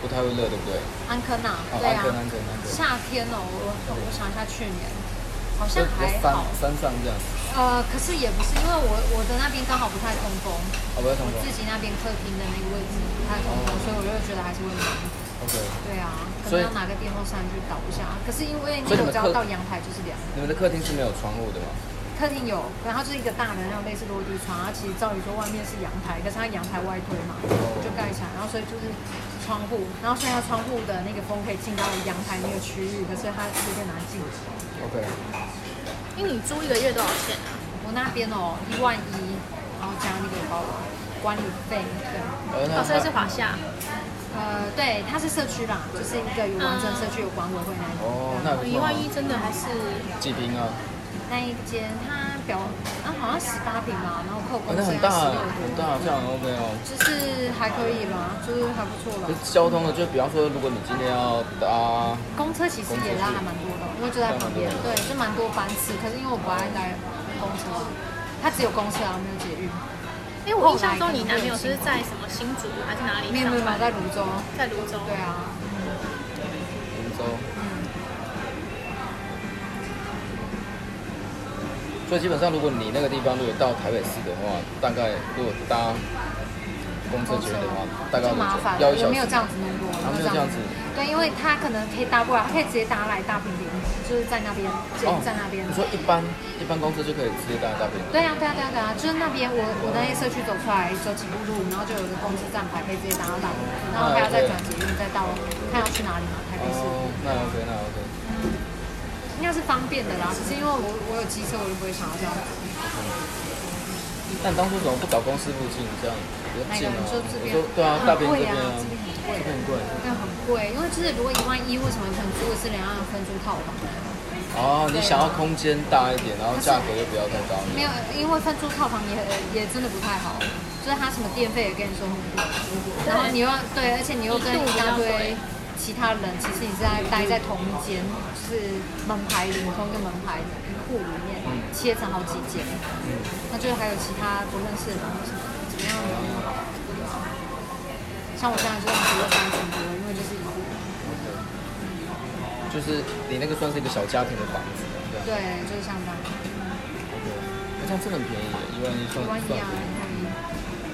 不太會熱，對不對？安科納、哦，對啊，安可、嗯、夏天哦，我我想一下，去年好像還好山。山上這樣子。呃，可是也不是，因為我我的那邊剛好不太通風、哦。不太通風。我自己那邊客廳的那個位置不太通風、哦，所以我就覺得還是會熱。Okay. 對啊，可能要拿個電風扇去倒一下。可是因為那個我只要知道到陽台就是涼？你們的客廳是沒有窗戶的嗎？客廳有，然後就是一個大的，那種類似落地窗，然後其實照理說外面是陽台，可是它陽台外推嘛，就蓋起來，然後所以就是窗戶，然後剩下窗戶的那個風可以進到陽台那個區域，可是它有點難進出。OK。你租一個月多少錢啊？我那邊哦，一萬一，然後加那個包管理費。Thing, 對、呃。哦，所以是華夏。呃，對，它是社區吧，就是一個有完整社區有管委會那裡。哦，那一萬一真的還是？幾平啊？那一間，它表啊好像十八平吧，然後扣公費十六多，這樣 OK 哦，就是還可以吧，啊，就是還不錯吧。就是，交通的，嗯，就比方說，如果你今天要搭公車，其實也拉還蠻多的，因為就在旁邊，對，就蠻多班次。可是因為我不愛搭公車，它只有公車啊，沒有捷運，因為我印象中你男朋友是在什麼新竹，啊，還是哪裡？沒有沒有，在蘆洲，在蘆洲，對啊，蘆，嗯，洲。所以基本上，如果你那個地方如果到台北市的話，大概如果搭公車去的話，okay. 大概就就麻煩了要一小時嘛。麻沒有這樣子弄過。然後、嗯、就這、啊、這樣子。對，因為他可能可以搭過來，他可以直接搭來大坪林，就是在那邊，哦、就在那邊。你說一般一般公車就可以直接搭來大坪林？對啊，對啊，對啊，對啊，就是那邊我、啊、我那些社區走出來走幾步路，然後就有個公車站牌可以直接搭到大坪，然後還要再轉捷運再到，看要去哪裡嘛，台北市。哦、那 OK，那 OK。應該是方便的啦，只是因為我我有機車，我就不會想要這樣子。但當初怎麼不找公司附近這樣比較近呢、啊？對，對啊，嗯、啊大坪這邊這邊很貴，這邊很貴、啊，這邊很貴、啊啊，因為就是如果一萬一為什麼可能租的是兩萬分租套房。哦、啊，你想要空間大一點，然後價格又不要太高一點。沒有，因為分租套房也也真的不太好，就是它什麼電費也跟你說很多，然後你又要對，而且你又跟家一大堆。其他人其實你是在待在同一間，就是門牌裡同一個門牌，一戶裡面、嗯、切成好幾間。嗯、那就是還有其他不認識的人或者，怎麼樣呢、嗯？像我這樣就用獨身房比較多，因為就是一戶、嗯。就是你那個算是一個小家庭的房子，對、啊、對，就是相當於。那、嗯、像這很便宜的，一萬一算算便宜。嗯、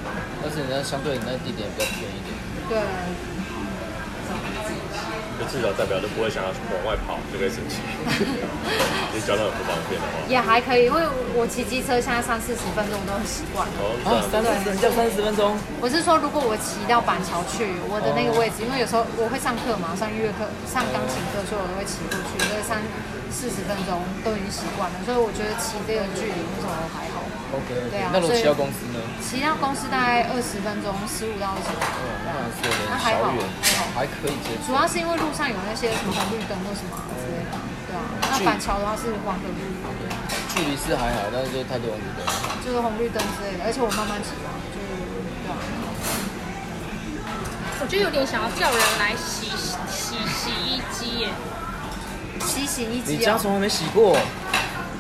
啊。但是你那相對你那地點也比較便宜一點。對。就至少代表都不會想要往外跑，就可以省氣。你的很不方便也還可以，因為我騎機車現在三四十分鐘都很習慣。哦，三十三十分鐘。我是說，如果我騎到板橋去，我的那個位置，哦、因為有時候我會上課嘛，上音樂課、上鋼琴課，所以我都會騎過去，所以三四十分鐘都已經習慣了，所以我覺得騎這個距離，那倒還好？Okay, okay. 對啊，那如果騎到公司呢，騎到公司大概二十分鐘，十五到二十分鐘、嗯。那可還那還好，還可以接。主要是因為路上有那些什麼紅綠燈或什麼之類的、嗯，對啊。那板橋的話是紅綠燈、okay.。距離是還好，但是就太多紅綠燈了。就是紅綠燈之類的，而且我慢慢騎嘛，就對啊。我就有點想要叫人來洗洗洗衣機耶，洗洗衣機、哦。你家從來沒洗過。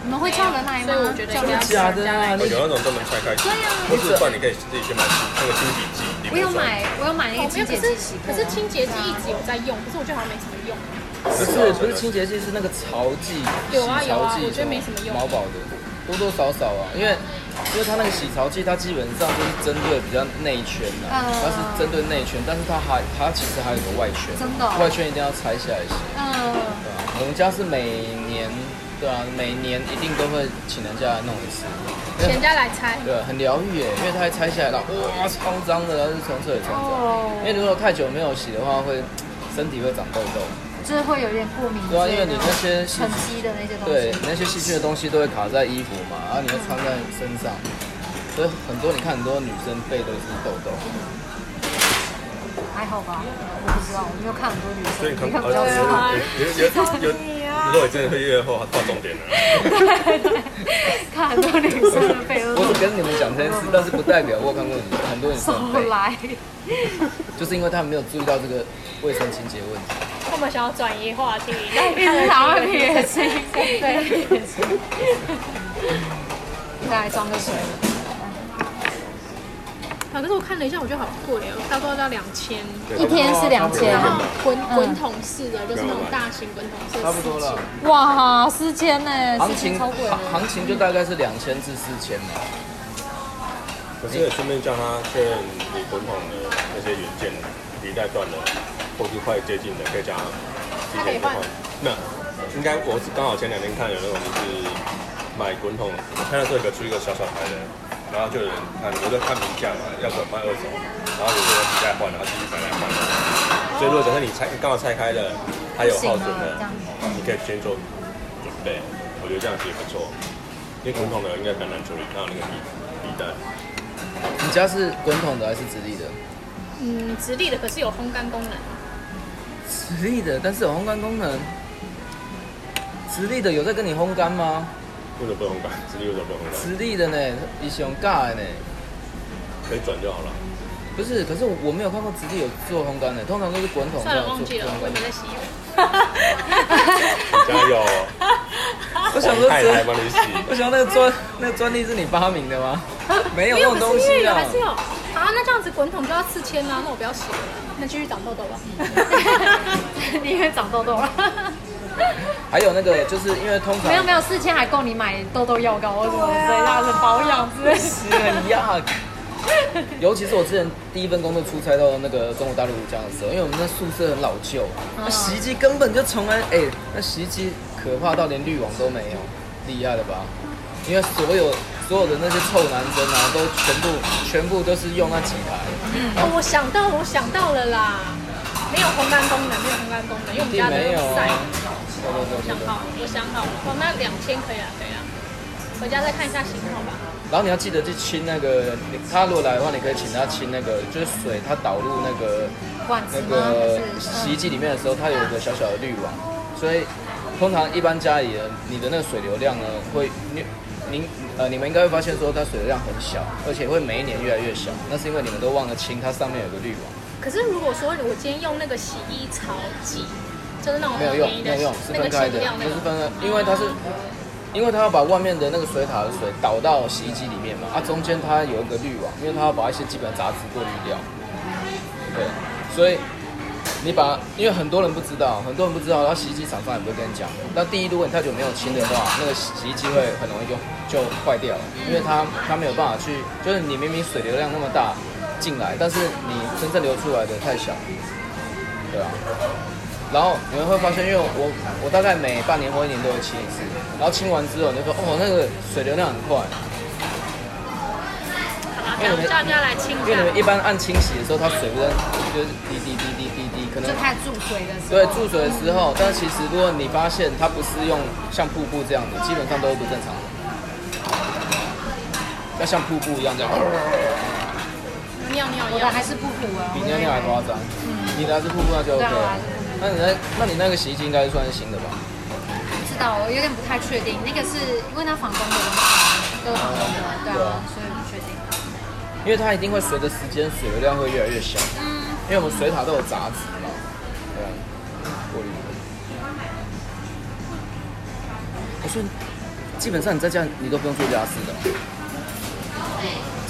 你們會拆下來嗎？啊、那我覺得不，是不是假的、啊那，有那種專門拆開。對呀、啊，或是不是的你可以自己去買那個清潔劑。我有買，我有買那個清潔劑洗。可是清潔劑一直有在用、啊，可是我覺得好像沒什麼用、啊啊啊啊。不是不是清潔劑，是那個洗槽劑。有啊洗槽有，啊有啊我覺得沒什麼用。毛寶的多多少少啊，因為因為它那個洗槽劑，它基本上就是針對比較內圈的，它是針對內圈，但是它還它其實還有一個外圈，真的、哦、外圈一定要拆下來洗。嗯、呃啊，我們家是每年。對啊，每年一定都會請人家來弄一次。請人家來拆。對啊，很療癒誒，因為他還拆起來了，哇，超髒的，然後是從這裡穿。哦、oh.。因為如果太久沒有洗的話，會身體會長痘痘。就是會有一點過敏。對啊，因為你那些沉積的那些東西，對那些細菌的東西都會卡在衣服嘛，然後你會穿在身上、嗯，所以很多你看很多女生背都是痘痘。好吧，我、嗯、不知道，我沒有看很多女生。所以你看，好多人，其實其實有，如果你真的去約會的話，到重點了。對對，看很多女生的背。我跟你們講這件事，但是不代表我看過很多女生。不來 。就是因為他們沒有注意到這個衛生清潔問題。他們想要轉移話題，因為哪裡也你哪裡也你再來裝個水。可、啊、是我看了一下，我覺得好貴啊。差不多要兩千，一天是兩千，滾滾筒式的，就是那種大型滾筒式差不多了，哇，四千呢。欸，行情超貴，行情就大概是兩千至四千吧。可是也順便叫他確認你滾筒的那些元件，皮帶斷的，或是快接近的，可以加幾千一塊。那、嗯、應該我剛好前兩天看有那種是買滾筒，看到這裡出一個小小牌的。然後就有人看，我都看評價嘛，要怎麼賣二手？然後有些人直接換，然後繼續再來換。Oh. 所以如果等下你拆剛好拆開了，還有耗損的，你可以先做準備。嗯、我覺得這樣子也不錯。那滾筒的應該很難處理，它那個皮皮帶，你家是滾筒的還是直立的？嗯，直立的，可是有烘乾功能。直立的，但是有烘乾功能。直立的有在跟你烘乾嗎？為什麼不用乾？直立為什麼不用乾？直立的呢，你喜歡乾的呢？可以轉就好了。不是，可是我，我沒有看過直立有做烘乾的，通常都是滾筒。算了，忘記了。我在洗衣服。加油。我想說直立幫你洗。 我，想說 我想那個專， 那個專利是你發明的嗎？沒有那種東西啊 有是有還是有。啊，那這樣子滾筒就要四千啦，那我不要洗了，那繼續長痘痘吧。你 也 長痘痘了。 還有那個，就是因為通常沒有沒有四千還夠你買痘痘藥膏什麼對、啊、或者養類的保養之類。是啊， 尤其是我之前第一份工作出差到那個中國大陸的時候，因為我們那宿舍很老舊，那洗衣機根本就從來哎、欸，那洗衣機可怕到連濾網都沒有，厲害了吧？因為所有所有的那些臭男生啊，都全部全部都是用那幾台。嗯，啊、我想到我想到了啦，沒有烘乾功能，沒有烘乾功能，因為我們家的曬。沒有啊想、oh, 好，我想好，我想到了、哦、那兩千可以了、啊，可以了、啊，回家再看一下型號吧。然後你要記得去清那個，它如果來的話，你可以請它清那個，就是水它倒入那個那個洗衣機裡面的時候、嗯，它有一個小小的濾網，所以通常一般家裡人你的那個水流量呢會你您呃你們應該會發現說它水流量很小，而且會每一年越來越小，那是因為你們都忘了清它上面有個濾網。可是如果說我今天用那個洗衣槽劑。就是，沒有用，沒有用，是分開的，那個，那是分開，因為它是，因為它要把外面的那個水塔的水倒到洗衣機裡面嘛，啊，中間它有一個濾網，因為它要把一些基本雜質過濾掉，對，所以你把，因為很多人不知道，很多人不知道，然後洗衣機廠商也不會跟你講。那第一，如果你太久沒有清的話，那個洗衣機會很容易就就壞掉了，因為它它沒有辦法去，就是你明明水流量那麼大進來，但是你真正流出來的太小，對啊。然後你們會發現，因為我我大概每半年或一年都會清一次，然後清完之後你就說，哦，那個水流量很快。好好，因為你們要要來清，因為我們一般按清洗的時候，它水不就是滴滴滴滴滴滴，可能就太注水的時候。對，注水的時候，嗯、但其實如果你發現它不是用像瀑布這樣子，基本上都是不正常的。要像瀑布一樣這樣。尿尿一還是瀑布啊？比尿尿還誇張。嗯，你的還是瀑布那就 OK。那你的，那你那個洗衣機應該是算是新的吧？不、嗯、知道，我有點不太確定。那個是因為它房東的東西，都是房東的啊。啊、對、啊，對啊，所以不確定。因為它一定會隨着時間水流量會越來越小。嗯。因為我們水塔都有雜質嘛、嗯。對啊，過濾。的我說，基本上你在家你都不用做家事的。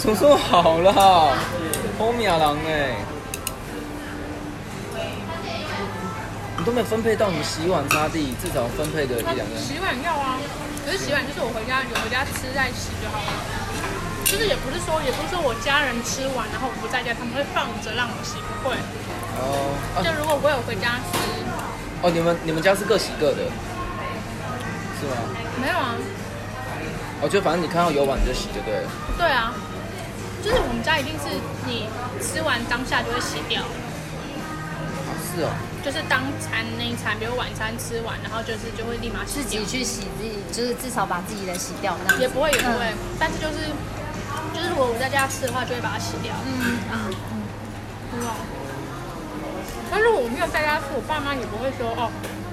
總、欸、算好了、嗯，好命人哎。都沒有分配到你洗碗擦地，至少分配的一兩個人。洗碗要啊，可是洗碗就是我回家，有回家吃再洗就好了。就是也不是說，也不是說我家人吃完然後我不在家，他們會放着讓我洗，不會。哦、啊。就如果我有回家吃。哦，你們你們家是各洗各的，是嗎？沒有啊。我覺得反正你看到有碗你就洗就對了。對？對啊。就是我們家一定是你吃完當下就會洗掉。啊、是哦。就是當餐那一餐，比如晚餐吃完，然後就是就會立馬自己去洗自己，就是至少把自己的洗掉這樣。也不會也不會，嗯、但是就是就是如果我在家吃的話，就會把它洗掉。嗯啊嗯，很好。但是我沒有在家吃，我爸媽也不會說哦，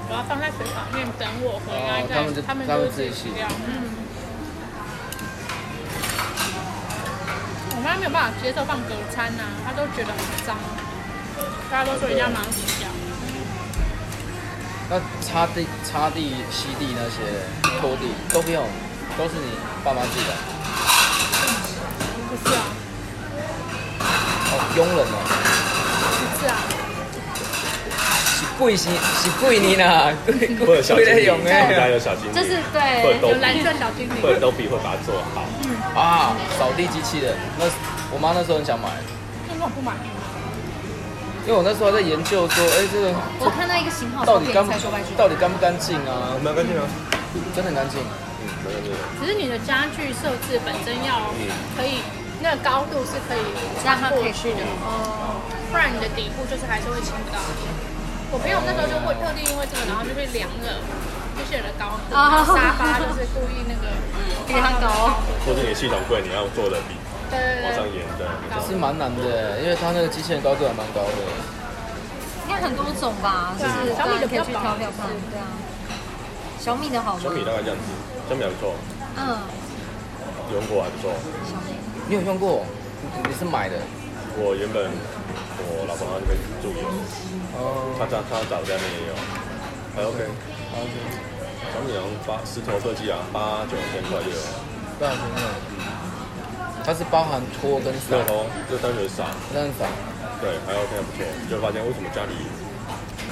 我要放在水槽面等我回來再。他們就他們都自己洗掉、嗯。嗯。我媽沒有辦法接受放隔餐啊，她都覺得很髒。大家都說人家忙。那擦地、擦地、吸地那些，拖、嗯、地都不用，都是你爸媽記得的、嗯。不是、啊。哦，傭人哦。是啊。是貴是是貴呢啦，貴貴的傭哎，人家有小精靈，對有，有藍色小精靈，會都比會把它做好。 嗯啊，掃地機器人，那我媽那時候很想買，最後不買。因為我那時候還在研究說，哎、欸，這個我看到一個型號，到底乾不，啊、到底乾不乾淨啊？Okay. 沒有乾淨嗎？真的很乾淨、啊，嗯，沒有、啊啊啊。只是你的家具設置本身要可以，那個高度是可以讓它過去的，哦、嗯。不然你的底部就是還是會清不到、嗯。我朋友那時候就會特地因為這個，然後就會量了，就是有了高的、嗯、沙發，就是故意那個比較、嗯、高，或是你的系統櫃你要做的比。對，對，對，上演的的是蠻難的，對對對對，因為它那個機器人高度還蠻高的。應該很多種吧？是小米的可以去挑一挑對，對啊，小米的好嗎？小米大概這樣子，小米還不錯。嗯，用過還不錯。小米，你有用過？你是買的？我原本我老婆他那、嗯、他在，他在那邊住用，哦，她家她找家那邊也有。還 OK？OK、OK、還。小米能發石頭科技啊，八九千塊就有。多少錢啊？它是包含拖跟掃，對哦，就單純掃，單純掃，對，還 OK，還不錯。你就發現為什麼家裡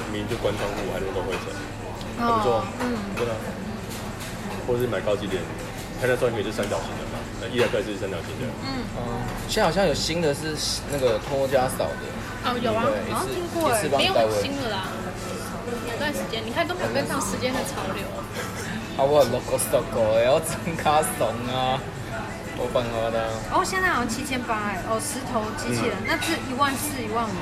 明明就關窗戶，還那麼多灰塵？還不錯，嗯，對啊。或者是買高級點，它那窗也是三角形的嘛，那伊萊克斯是三角形的，嗯，哦、嗯。現在好像有新的是那個拖加掃的，哦，有啊，好像聽過，哎，沒有新的啦。有段時間，你看都沒有跟上時間的潮流。好啊，我六個小時過，要增卡慫啊！我本華的哦，現在好像七千八哎，哦，石頭機器人、嗯啊，那是一萬四、一萬五，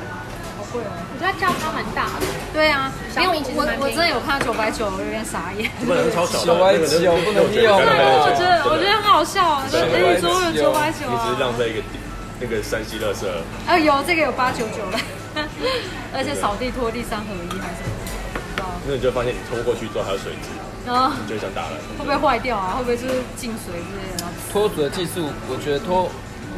好貴哦。我覺得價差蠻大的。對啊，因為我我,我真的有看到九百九，我有點傻眼。九百九不能要。但、就是,是 96, 96、哦、我覺得對對對，我覺得很好笑啊。九百有九百九，一直浪費一個那個山西特色。啊，有這個有八九九了， 而且掃地拖地三合一還是對對對。那你就發現你拖過去之後還有水漬。啊、uh，就想打了，會不會壞掉啊？會不會就是進水之類的、啊？脫水的技術，我覺得脫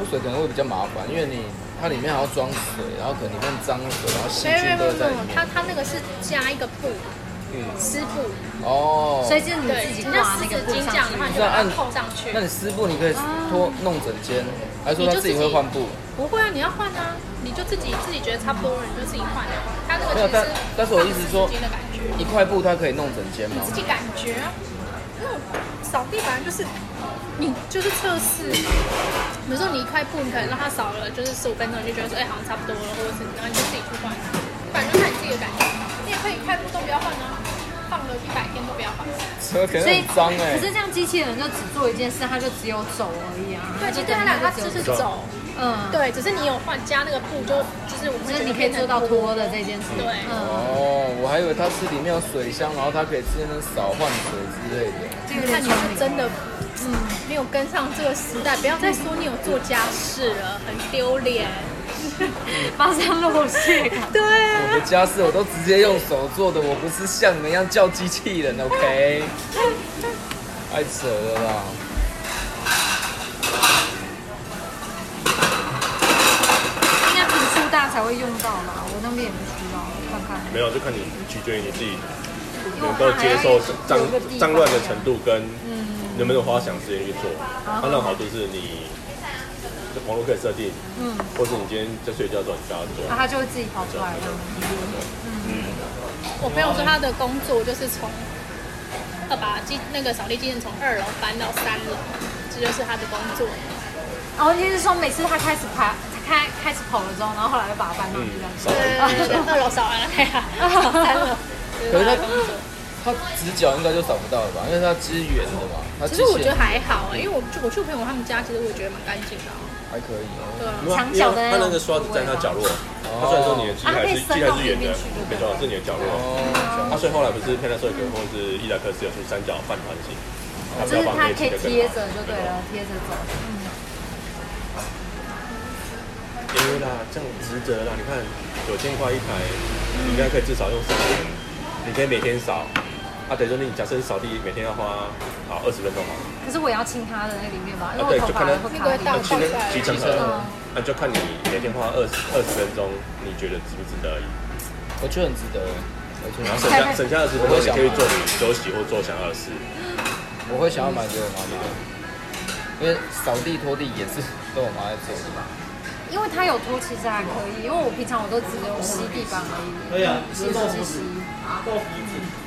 脫水可能會比較麻煩，因為你它裡面還要裝水，然後可能裡面髒水，然後細菌都在裡面。沒有沒有沒有，它它那個是加一個布，濕、嗯、布。哦，所以就是你自己？你就濕巾這樣換，就按扣上去。那你濕布你可以拖、嗯、弄整間，還是說他自己會換布？不會啊，你要換啊！你就自己自己覺得差不多了，你就自己換啊。它那個其實沒有，但但是，我意思說，一塊布它可以弄整間嗎？你自己感覺啊，嗯，掃地板就是你就是測試。比如說你一塊布，你可能讓它掃了就是十五分鐘，你就覺得說哎好像差不多了，或者是然後你就自己去換。反正很。放了一百天都不要換水。欸，所以，可是像機器人就只做一件事，它就只有走而已啊。對，對，它倆他就是走，嗯，對，只是你有換加那個布就，嗯，就就是我，那你可以做到拖的這件事。對，嗯，哦，我還以為它是裡面有水箱，然後它可以直接能掃換水之類的。我，嗯，看你是真的，嗯，沒有跟上這個時代，不要再說你有做家事了，很丟臉。馬上露餡！對、啊，我的家事我都直接用手做的，我不是像你們一樣叫機器人，OK？ 太扯了吧？應該坪數大才會用到嘛？我那邊也不需要，看看。沒有，就看你取決於你自己能夠接受髒髒亂的程度跟，跟、嗯嗯、有沒有花想時間去做。髒亂、啊、好,好,好就是你。網絡可以設定，嗯，或是你今天在睡覺的時候，他就會自己跑出來了，嗯嗯。嗯，我朋友說他的工作就是從要把機那個掃地機器人從二樓搬到三樓，這就，就是他的工作。然後就是說每次他開始爬，他開開始跑了之後，然後後來又把它搬到這、嗯哦、 二樓掃完了，對 呀。可是他、啊、他直角應該就找不到了吧？因為他支援的嘛。其實我覺得還好、欸，因為我我去朋友他們家，其實我覺得蠻乾淨的、啊。還可以，哦對、啊，牆角的他那個刷子在他角落，他、嗯、雖然說你的機台是機、啊、台是圓的，沒、啊、錯、啊，是你的角落。他、嗯啊、所以後來不是，後來說或者是伊萊克斯有做三角飯糰型，他、嗯啊就是要幫你貼着就對了，貼着走。對、嗯、啦，這樣值得啦，你看九千塊一台，嗯、你應該可以至少用三年，你可以每天掃。啊，等於你假設掃地每天要花好二十分鐘嘛？可是我也要清他的那裡面嘛，因為我的頭髮、啊那個、會會掉、啊。清、啊、身、嗯，啊，就看你每天花二十二十分鐘，你覺得值不值得而已？我覺得很值得，而且省下 省下二十分鐘，你可以做你休息或做想要的事。我會想要買給我媽媽，因為掃地拖地也是跟我媽在做是吧？因為它有拖，其實還可以，因為我平常我都只用吸地板而已，吸、嗯、吸、嗯、吸、啊、吸。啊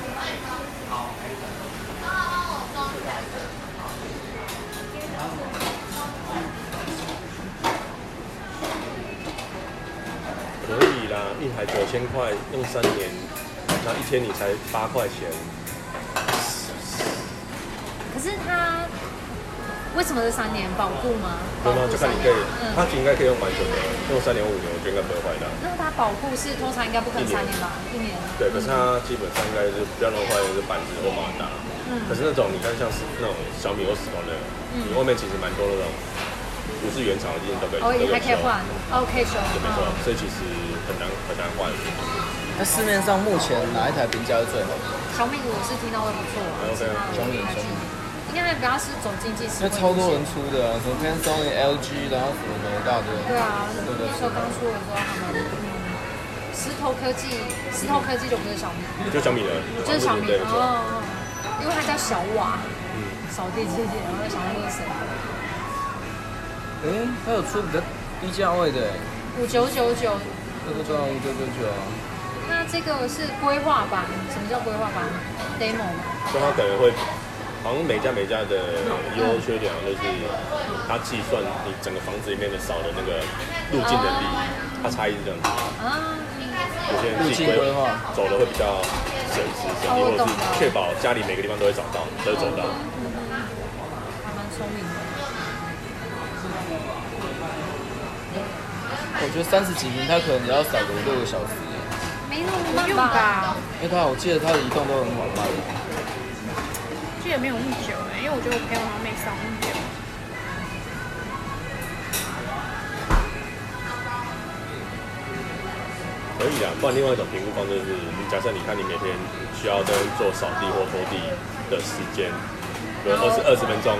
啊，一台九千塊用三年，那一天你才八塊錢。可是他為什麼是三年保固嗎保？對嗎？就看你可以，嗯、它應該可以用蠻久的，用三年五年我應該不會壞的、嗯。那它保固是通常應該不？可能三年吧？一年。對，嗯、可是他基本上應該是不要那麼壞，就是板子或馬達嗯。可是那種你看，像是那種小米 OS 的、嗯、你外面其實蠻多的那種不是原廠的零件都、哦、都可以。還可以換。OK，選。沒、哦、錯、啊，所以其實。很難，很難換、啊。市面上目前哪一台評價是最好？小米我是聽到很不錯啊、嗯。小米，小米。因為比較是走經濟實惠。超多人出的，昨天中影、LG，然後什麼什麼一大堆。對啊，對、嗯、對。說剛出的時候，他、嗯、們、嗯嗯嗯嗯嗯、石頭科技、嗯，石頭科技就不是小米、啊，就小米的。就是小米哦、嗯，因為它叫小瓦，掃地機器人，然後小米、嗯、的意思。哎、嗯，它有出的比較低價位的、欸，五九九九。這個就這樣、個、就進去啊？那這個是規劃版，什麼叫規劃版？demo 嘛？所以它可能會，好像每家每家的優缺點啊，就是它計算你整個房子裡面的掃的那個路徑能力、呃，它差異是這樣子。啊、呃，路徑規劃走的會比較省時省力，或者是確保家裡每個地方都會找到，都會走到。嗯，聰、嗯嗯啊、明的。我覺得三十幾坪，他可能也要掃個六個小時。沒那麼用吧？哎，他，我記得他的移動都很緩慢。我記得沒有那麼久哎，因為我覺得我陪我堂妹上很久。可以啊，不然另外一種評估方式是，假設你看你每天需要在做掃地或拖地的時間，有二十二十分鐘，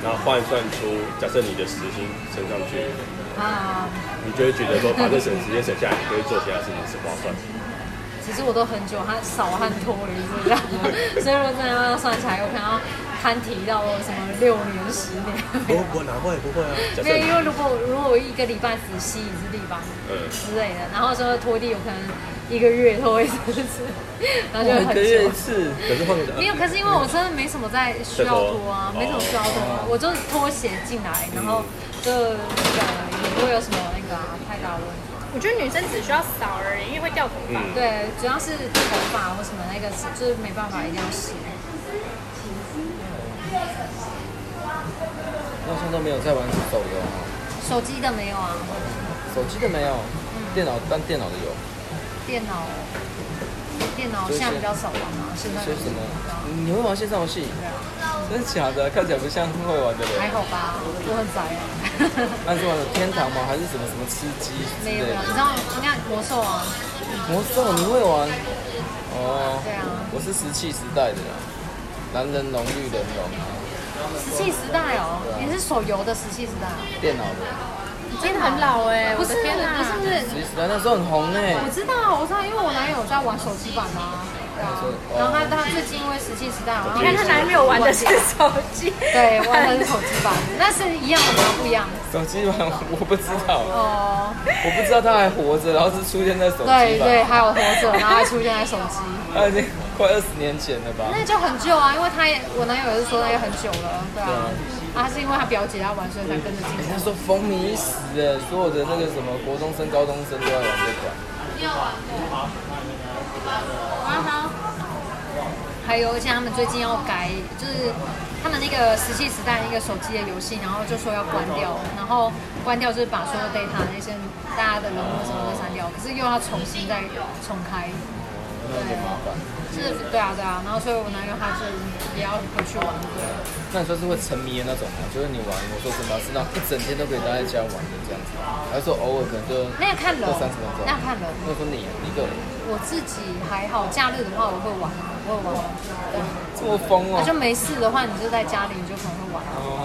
然後換算出假設你的時薪升上去。啊！你就會覺得說，把這省時間省下來，你可以做其他事情，是划算。其實我都很久和，汗少汗多，就是這樣。所以如果真的要算起來，我可能要攤提到我什麼六年、十 六年。 哦、不不，哪會不會啊？因為、啊、 因為如果如果我一個禮拜洗一次地板，嗯，之類的，然後說拖地，有可能。一個月拖一次，次，然後就很久。一個月一次，可是後面的、啊、沒有，可是因為我真的沒什麼在需要拖啊，沒什麼需要拖，啊哦，我就拖鞋進來，嗯，然後就那個、呃、會有什麼那個啊太大問題。我覺得女生只需要掃而已，因為會掉頭髮。嗯、對，主要是頭髮或什麼那個是就是沒辦法，一定要洗。那現在沒有在玩手機嗎？手機的沒有啊，手機的沒有，嗯，電腦但電腦的有。電腦，電腦現在比較少玩嘛，線上。什麼？你會玩線上遊戲？真的假的？看起來不像會玩的。人。還好吧，哦，我很宅哦。那 是玩的天堂嗎？還是什麼什麼吃雞？ 沒，有沒有，你知道，你看魔獸啊，哦。魔獸你會玩哦？哦。對啊。我是石器時代的，啊，男人龍綠人龍，啊。石器時代哦，你，啊欸、是手遊的石器時代。電腦的。真的很老哎、欸！我的天哪你是，其實那時候很紅哎、欸！我知道，我知道，因為我男友在玩手機版嘛。對啊、哦哦、然後他他最近因為石器時代》然後你，你看他男朋友玩的是手機，對，玩的是手機版，那是一樣的嗎？不一樣。手機版我不知道。哦、啊呃。我不知道他還活着，然後是出現在手機。對對，還有活着，然後還出現在手機。 他已經快二十年前了吧？那就很舊啊，因為他也，我男友也是說他也很久了，對啊。對啊他、啊、是因為他表姐要玩，所以才跟着進。他說風靡一時，哎，所有的那個什麼國中生、高中生都要玩這款。要玩嗎？玩、嗯啊好，啊、好。還有，而且他們最近要改，就是他們那個石器時代那個手機的遊戲，然後就說要關掉，嗯啊、然後關掉就是把所有 data 那些大家的人物什麼都刪掉、嗯啊，可是又要重新再重開，嗯嗯嗯嗯、對，麻、嗯、煩。是，對啊，對啊，然後所以我男友還是也要回去玩，對，那你說是會沉迷的那種嗎？就是你玩，我說什麼，是那一整天都可以待在家玩的這樣子，還是說偶爾可能就那要看人，那要看人。如果你，一個人。我自己還好，假日的話我會玩，我會玩。對。這麼瘋啊。那就沒事的話，你就在家裡，你就可能會玩。哦、oh.。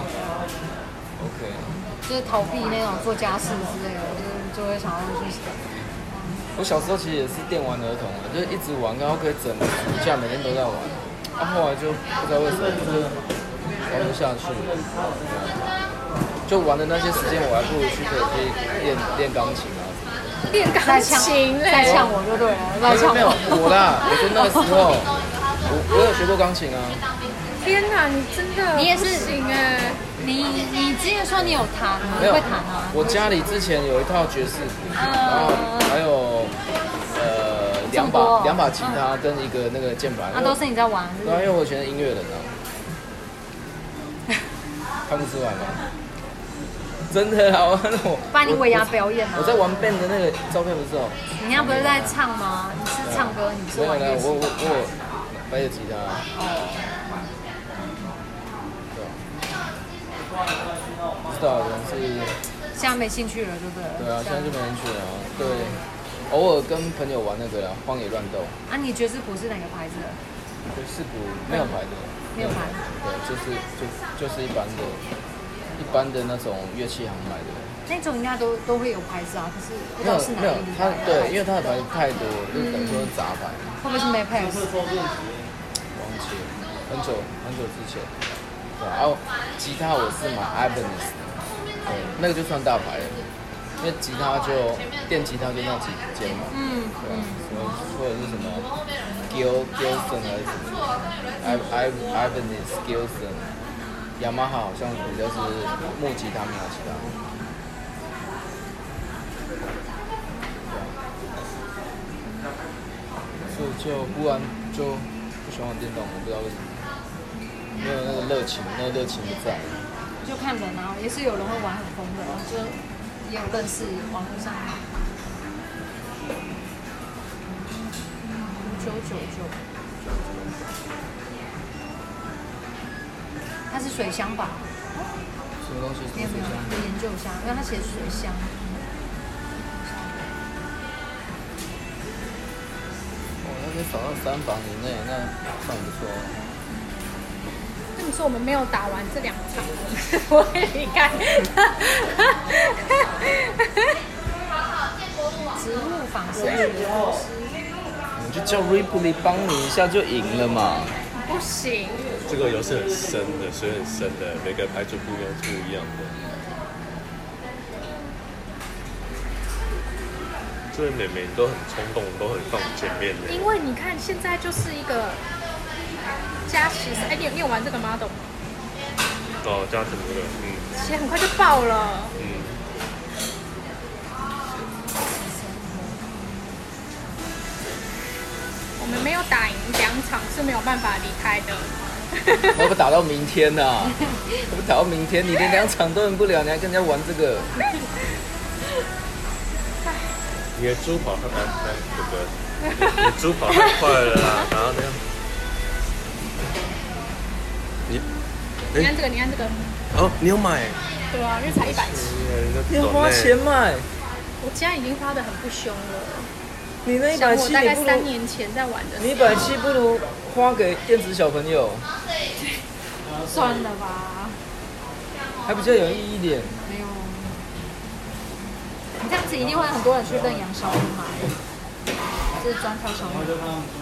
OK。就是逃避那種做家事之類的，就是、就會想要去我小時候其實也是電玩兒童，就是一直玩，然後可以整個暑假每天都在玩。啊，後來就不知道為什麼就玩不下去了，就玩的那些時間，我還不如去可以可以練練鋼琴啊。練鋼琴嘞？像、欸欸哦、我，我，我，我就對了。沒有沒有，我啦，我說那個時候我我有學過鋼琴啊。天哪、啊，你真的你也是？哎、欸。你你之前說你有彈嗎、啊？沒有彈、啊、我家裡之前有一套爵士鼓、嗯，然後還有、嗯、呃兩把兩、哦、把吉他跟一個那個鍵盤。那、嗯啊、都是你在玩？對啊，因為我以前是音樂人啊。 看不出來嗎？真的啊，我我。把你尾牙表演、啊、我，我在玩 band 的那個照片不是哦、喔。你那不是在唱嗎？啊、你是唱歌，啊你，是唱歌啊、你是玩音樂。我我我還有、嗯、吉他、啊。Oh. 好像是，現在沒興趣了，就對不對，對啊，現在就沒興趣了，啊嗯。對，嗯、偶爾跟朋友玩那個荒野亂鬥。啊，你爵士鼓是哪個牌子的？爵士鼓沒有牌子、嗯。沒有牌子。對，就是就就是一般的，一般的那種樂器行買的。那種應該都都會有牌子啊，可是沒有、啊、沒有，他對，因為他的牌子太多了、嗯，就等於說雜牌。會不會是沒牌子？我、嗯、忘記了，很久很久之前。對、然後、啊、吉他我是買艾文斯。Ivanis 嗯、那個就算大牌了，因為吉他就電吉他就那幾件嘛，嗯，對，什麼或者是什麼，Gibson, 還是什麼 I I Ibanez Gibson，雅馬哈好像比較是木吉他沒有吉他。就就忽然就不喜歡電動，我不知道為什麼，沒有那個熱情，那個熱情不在。就看人啊，也是有人會玩很瘋的、啊，就也有認識網絡上五、嗯嗯、九九九,九九，它是水箱吧？什麼東西？你有沒有？可以研究一下，因為它寫水箱，嗯。哦，那邊掃到三房以內，那算不錯。你說我們沒有打完這兩場， 我應該離 植物防守。你就叫 Ripley 幫你一下就贏了嘛？不行，這個遊戲很深的，所以很深的，每個排出不一樣，不一樣的。所以每每都很衝動，都很放前面的。因為你看，現在就是一個。加十時哎，你有你有玩這個 model 嗎？哦，加什麼的？嗯。其實很快就爆了。嗯。我們沒有打贏兩場是沒有辦法離開的。那 不打到明天吶、啊？那 不打到明天，你連兩場都贏不了，你還跟人家玩這個？哎， 你的豬跑得快，哥哥，這個！你的豬跑很快了，啊， 然後這樣？你看，這個欸、你看這個，你看這個。哦，你有買？對啊，因為才一百七，你要花錢買。我家已經花的很不凶了。你那一百七，我大概三年前在玩的。你一百七不如花給電子小朋友。對， 算了吧，還比較有意義一點。沒有。你、啊、這樣子一定會很多人去認養小養買，這是磚頭的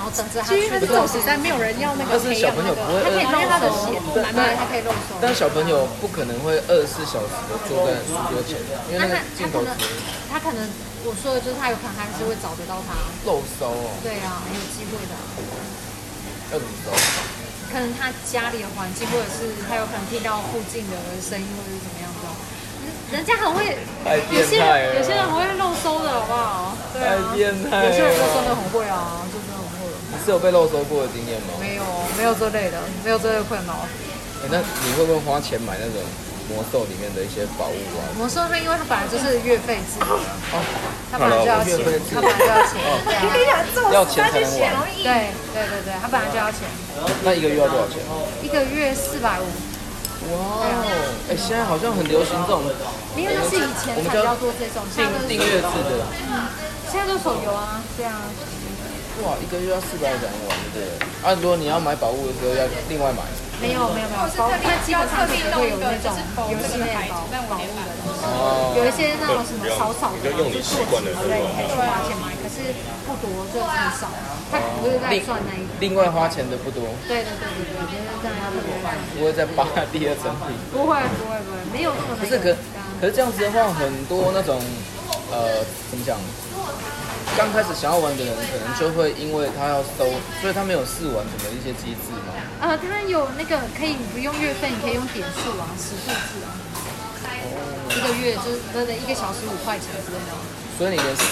然其實是走時，但沒有人要那個，但是小朋友不會，他可以鞋子，慢慢他可以露手，啊那個以露手。但小朋友不可能會二十四小時的坐在書桌前，因為那他他可能，他可能，我說的就是他有可能還是會找得到他露搜哦。對啊，很有機會的、啊。要怎麼露，啊、可能他家裡的環境，或者是他有可能聽到附近的聲音，或者是怎麼樣的。人家很會，有些有些人不會露搜的好不好？對啊。變態有些人真的很會啊。是有被漏收過的經驗嗎？沒有，沒有這類的，沒有這類的困擾、欸。那你會不會花錢買那種魔獸裡面的一些寶物啊？魔獸它因為它本來就是月費制的、哦，它本來就要錢，它本來就要錢，哦、要錢才能玩。對，對對對對，它本來就要錢。嗯、那一個月要多少錢？一個月四百五。哇！哎、欸，現在好像很流行這種，因為那是以前才我們比較多這種，像訂閱制的啦。嗯，現在都手遊啊，對啊。哇，一個月要四百來玩的，按說、啊、你要買寶物的時候要另外買。沒有沒有，沒就是特定，特定會有那種遊戲海報、寶物的東西。哦、嗯。有一些那種什麼草草，就坐騎之類的，會花錢買、嗯，可是不多，就很少。他不會再另算那一個、嗯。另外花錢的不多。對對對,對,對、就是，對對,對,對,對，我覺得這樣要怎麼辦？不會再扒第二層皮。不會不會不會，沒有,這麼有。不是可可是這樣子的話，很多那種呃，怎麼講？剛開始想要玩的人，可能就會因為他要收，所以他沒有試玩什麼一些機制嗎？啊、呃，他們有那個可以不用月費，你可以用點數啊，十數字啊、哦，一個月就是真的一個小時五塊錢之類的。所以你連試，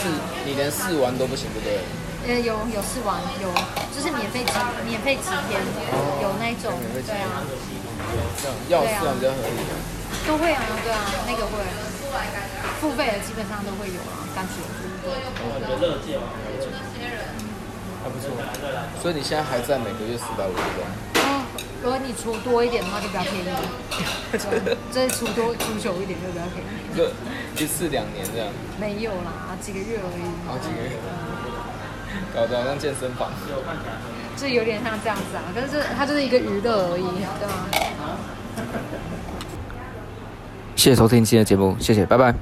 你連試玩都不行，對不對？呃，有有試玩，有就是免費幾免費幾天，哦、有那種對免費幾天對、啊，對啊，要試玩比較合理。都會啊，對啊，啊、那個會，付費的基本上都會有了，感覺。我覺得樂界啊，嗯、那些人還不錯。所以你現在還在每個月四百五十萬，如果你出多一點的話就比較便宜。嗯、 就呵出多出久一點就比較便宜。不，一次兩年這樣。沒有啦，幾個月而已啊啊。好幾個月。搞得好像健身房。就有點像這樣子啊，但是它就是一個娛樂而已啊對啊好好好、哦，對嗎？謝謝收聽今天的節目，謝謝，拜拜。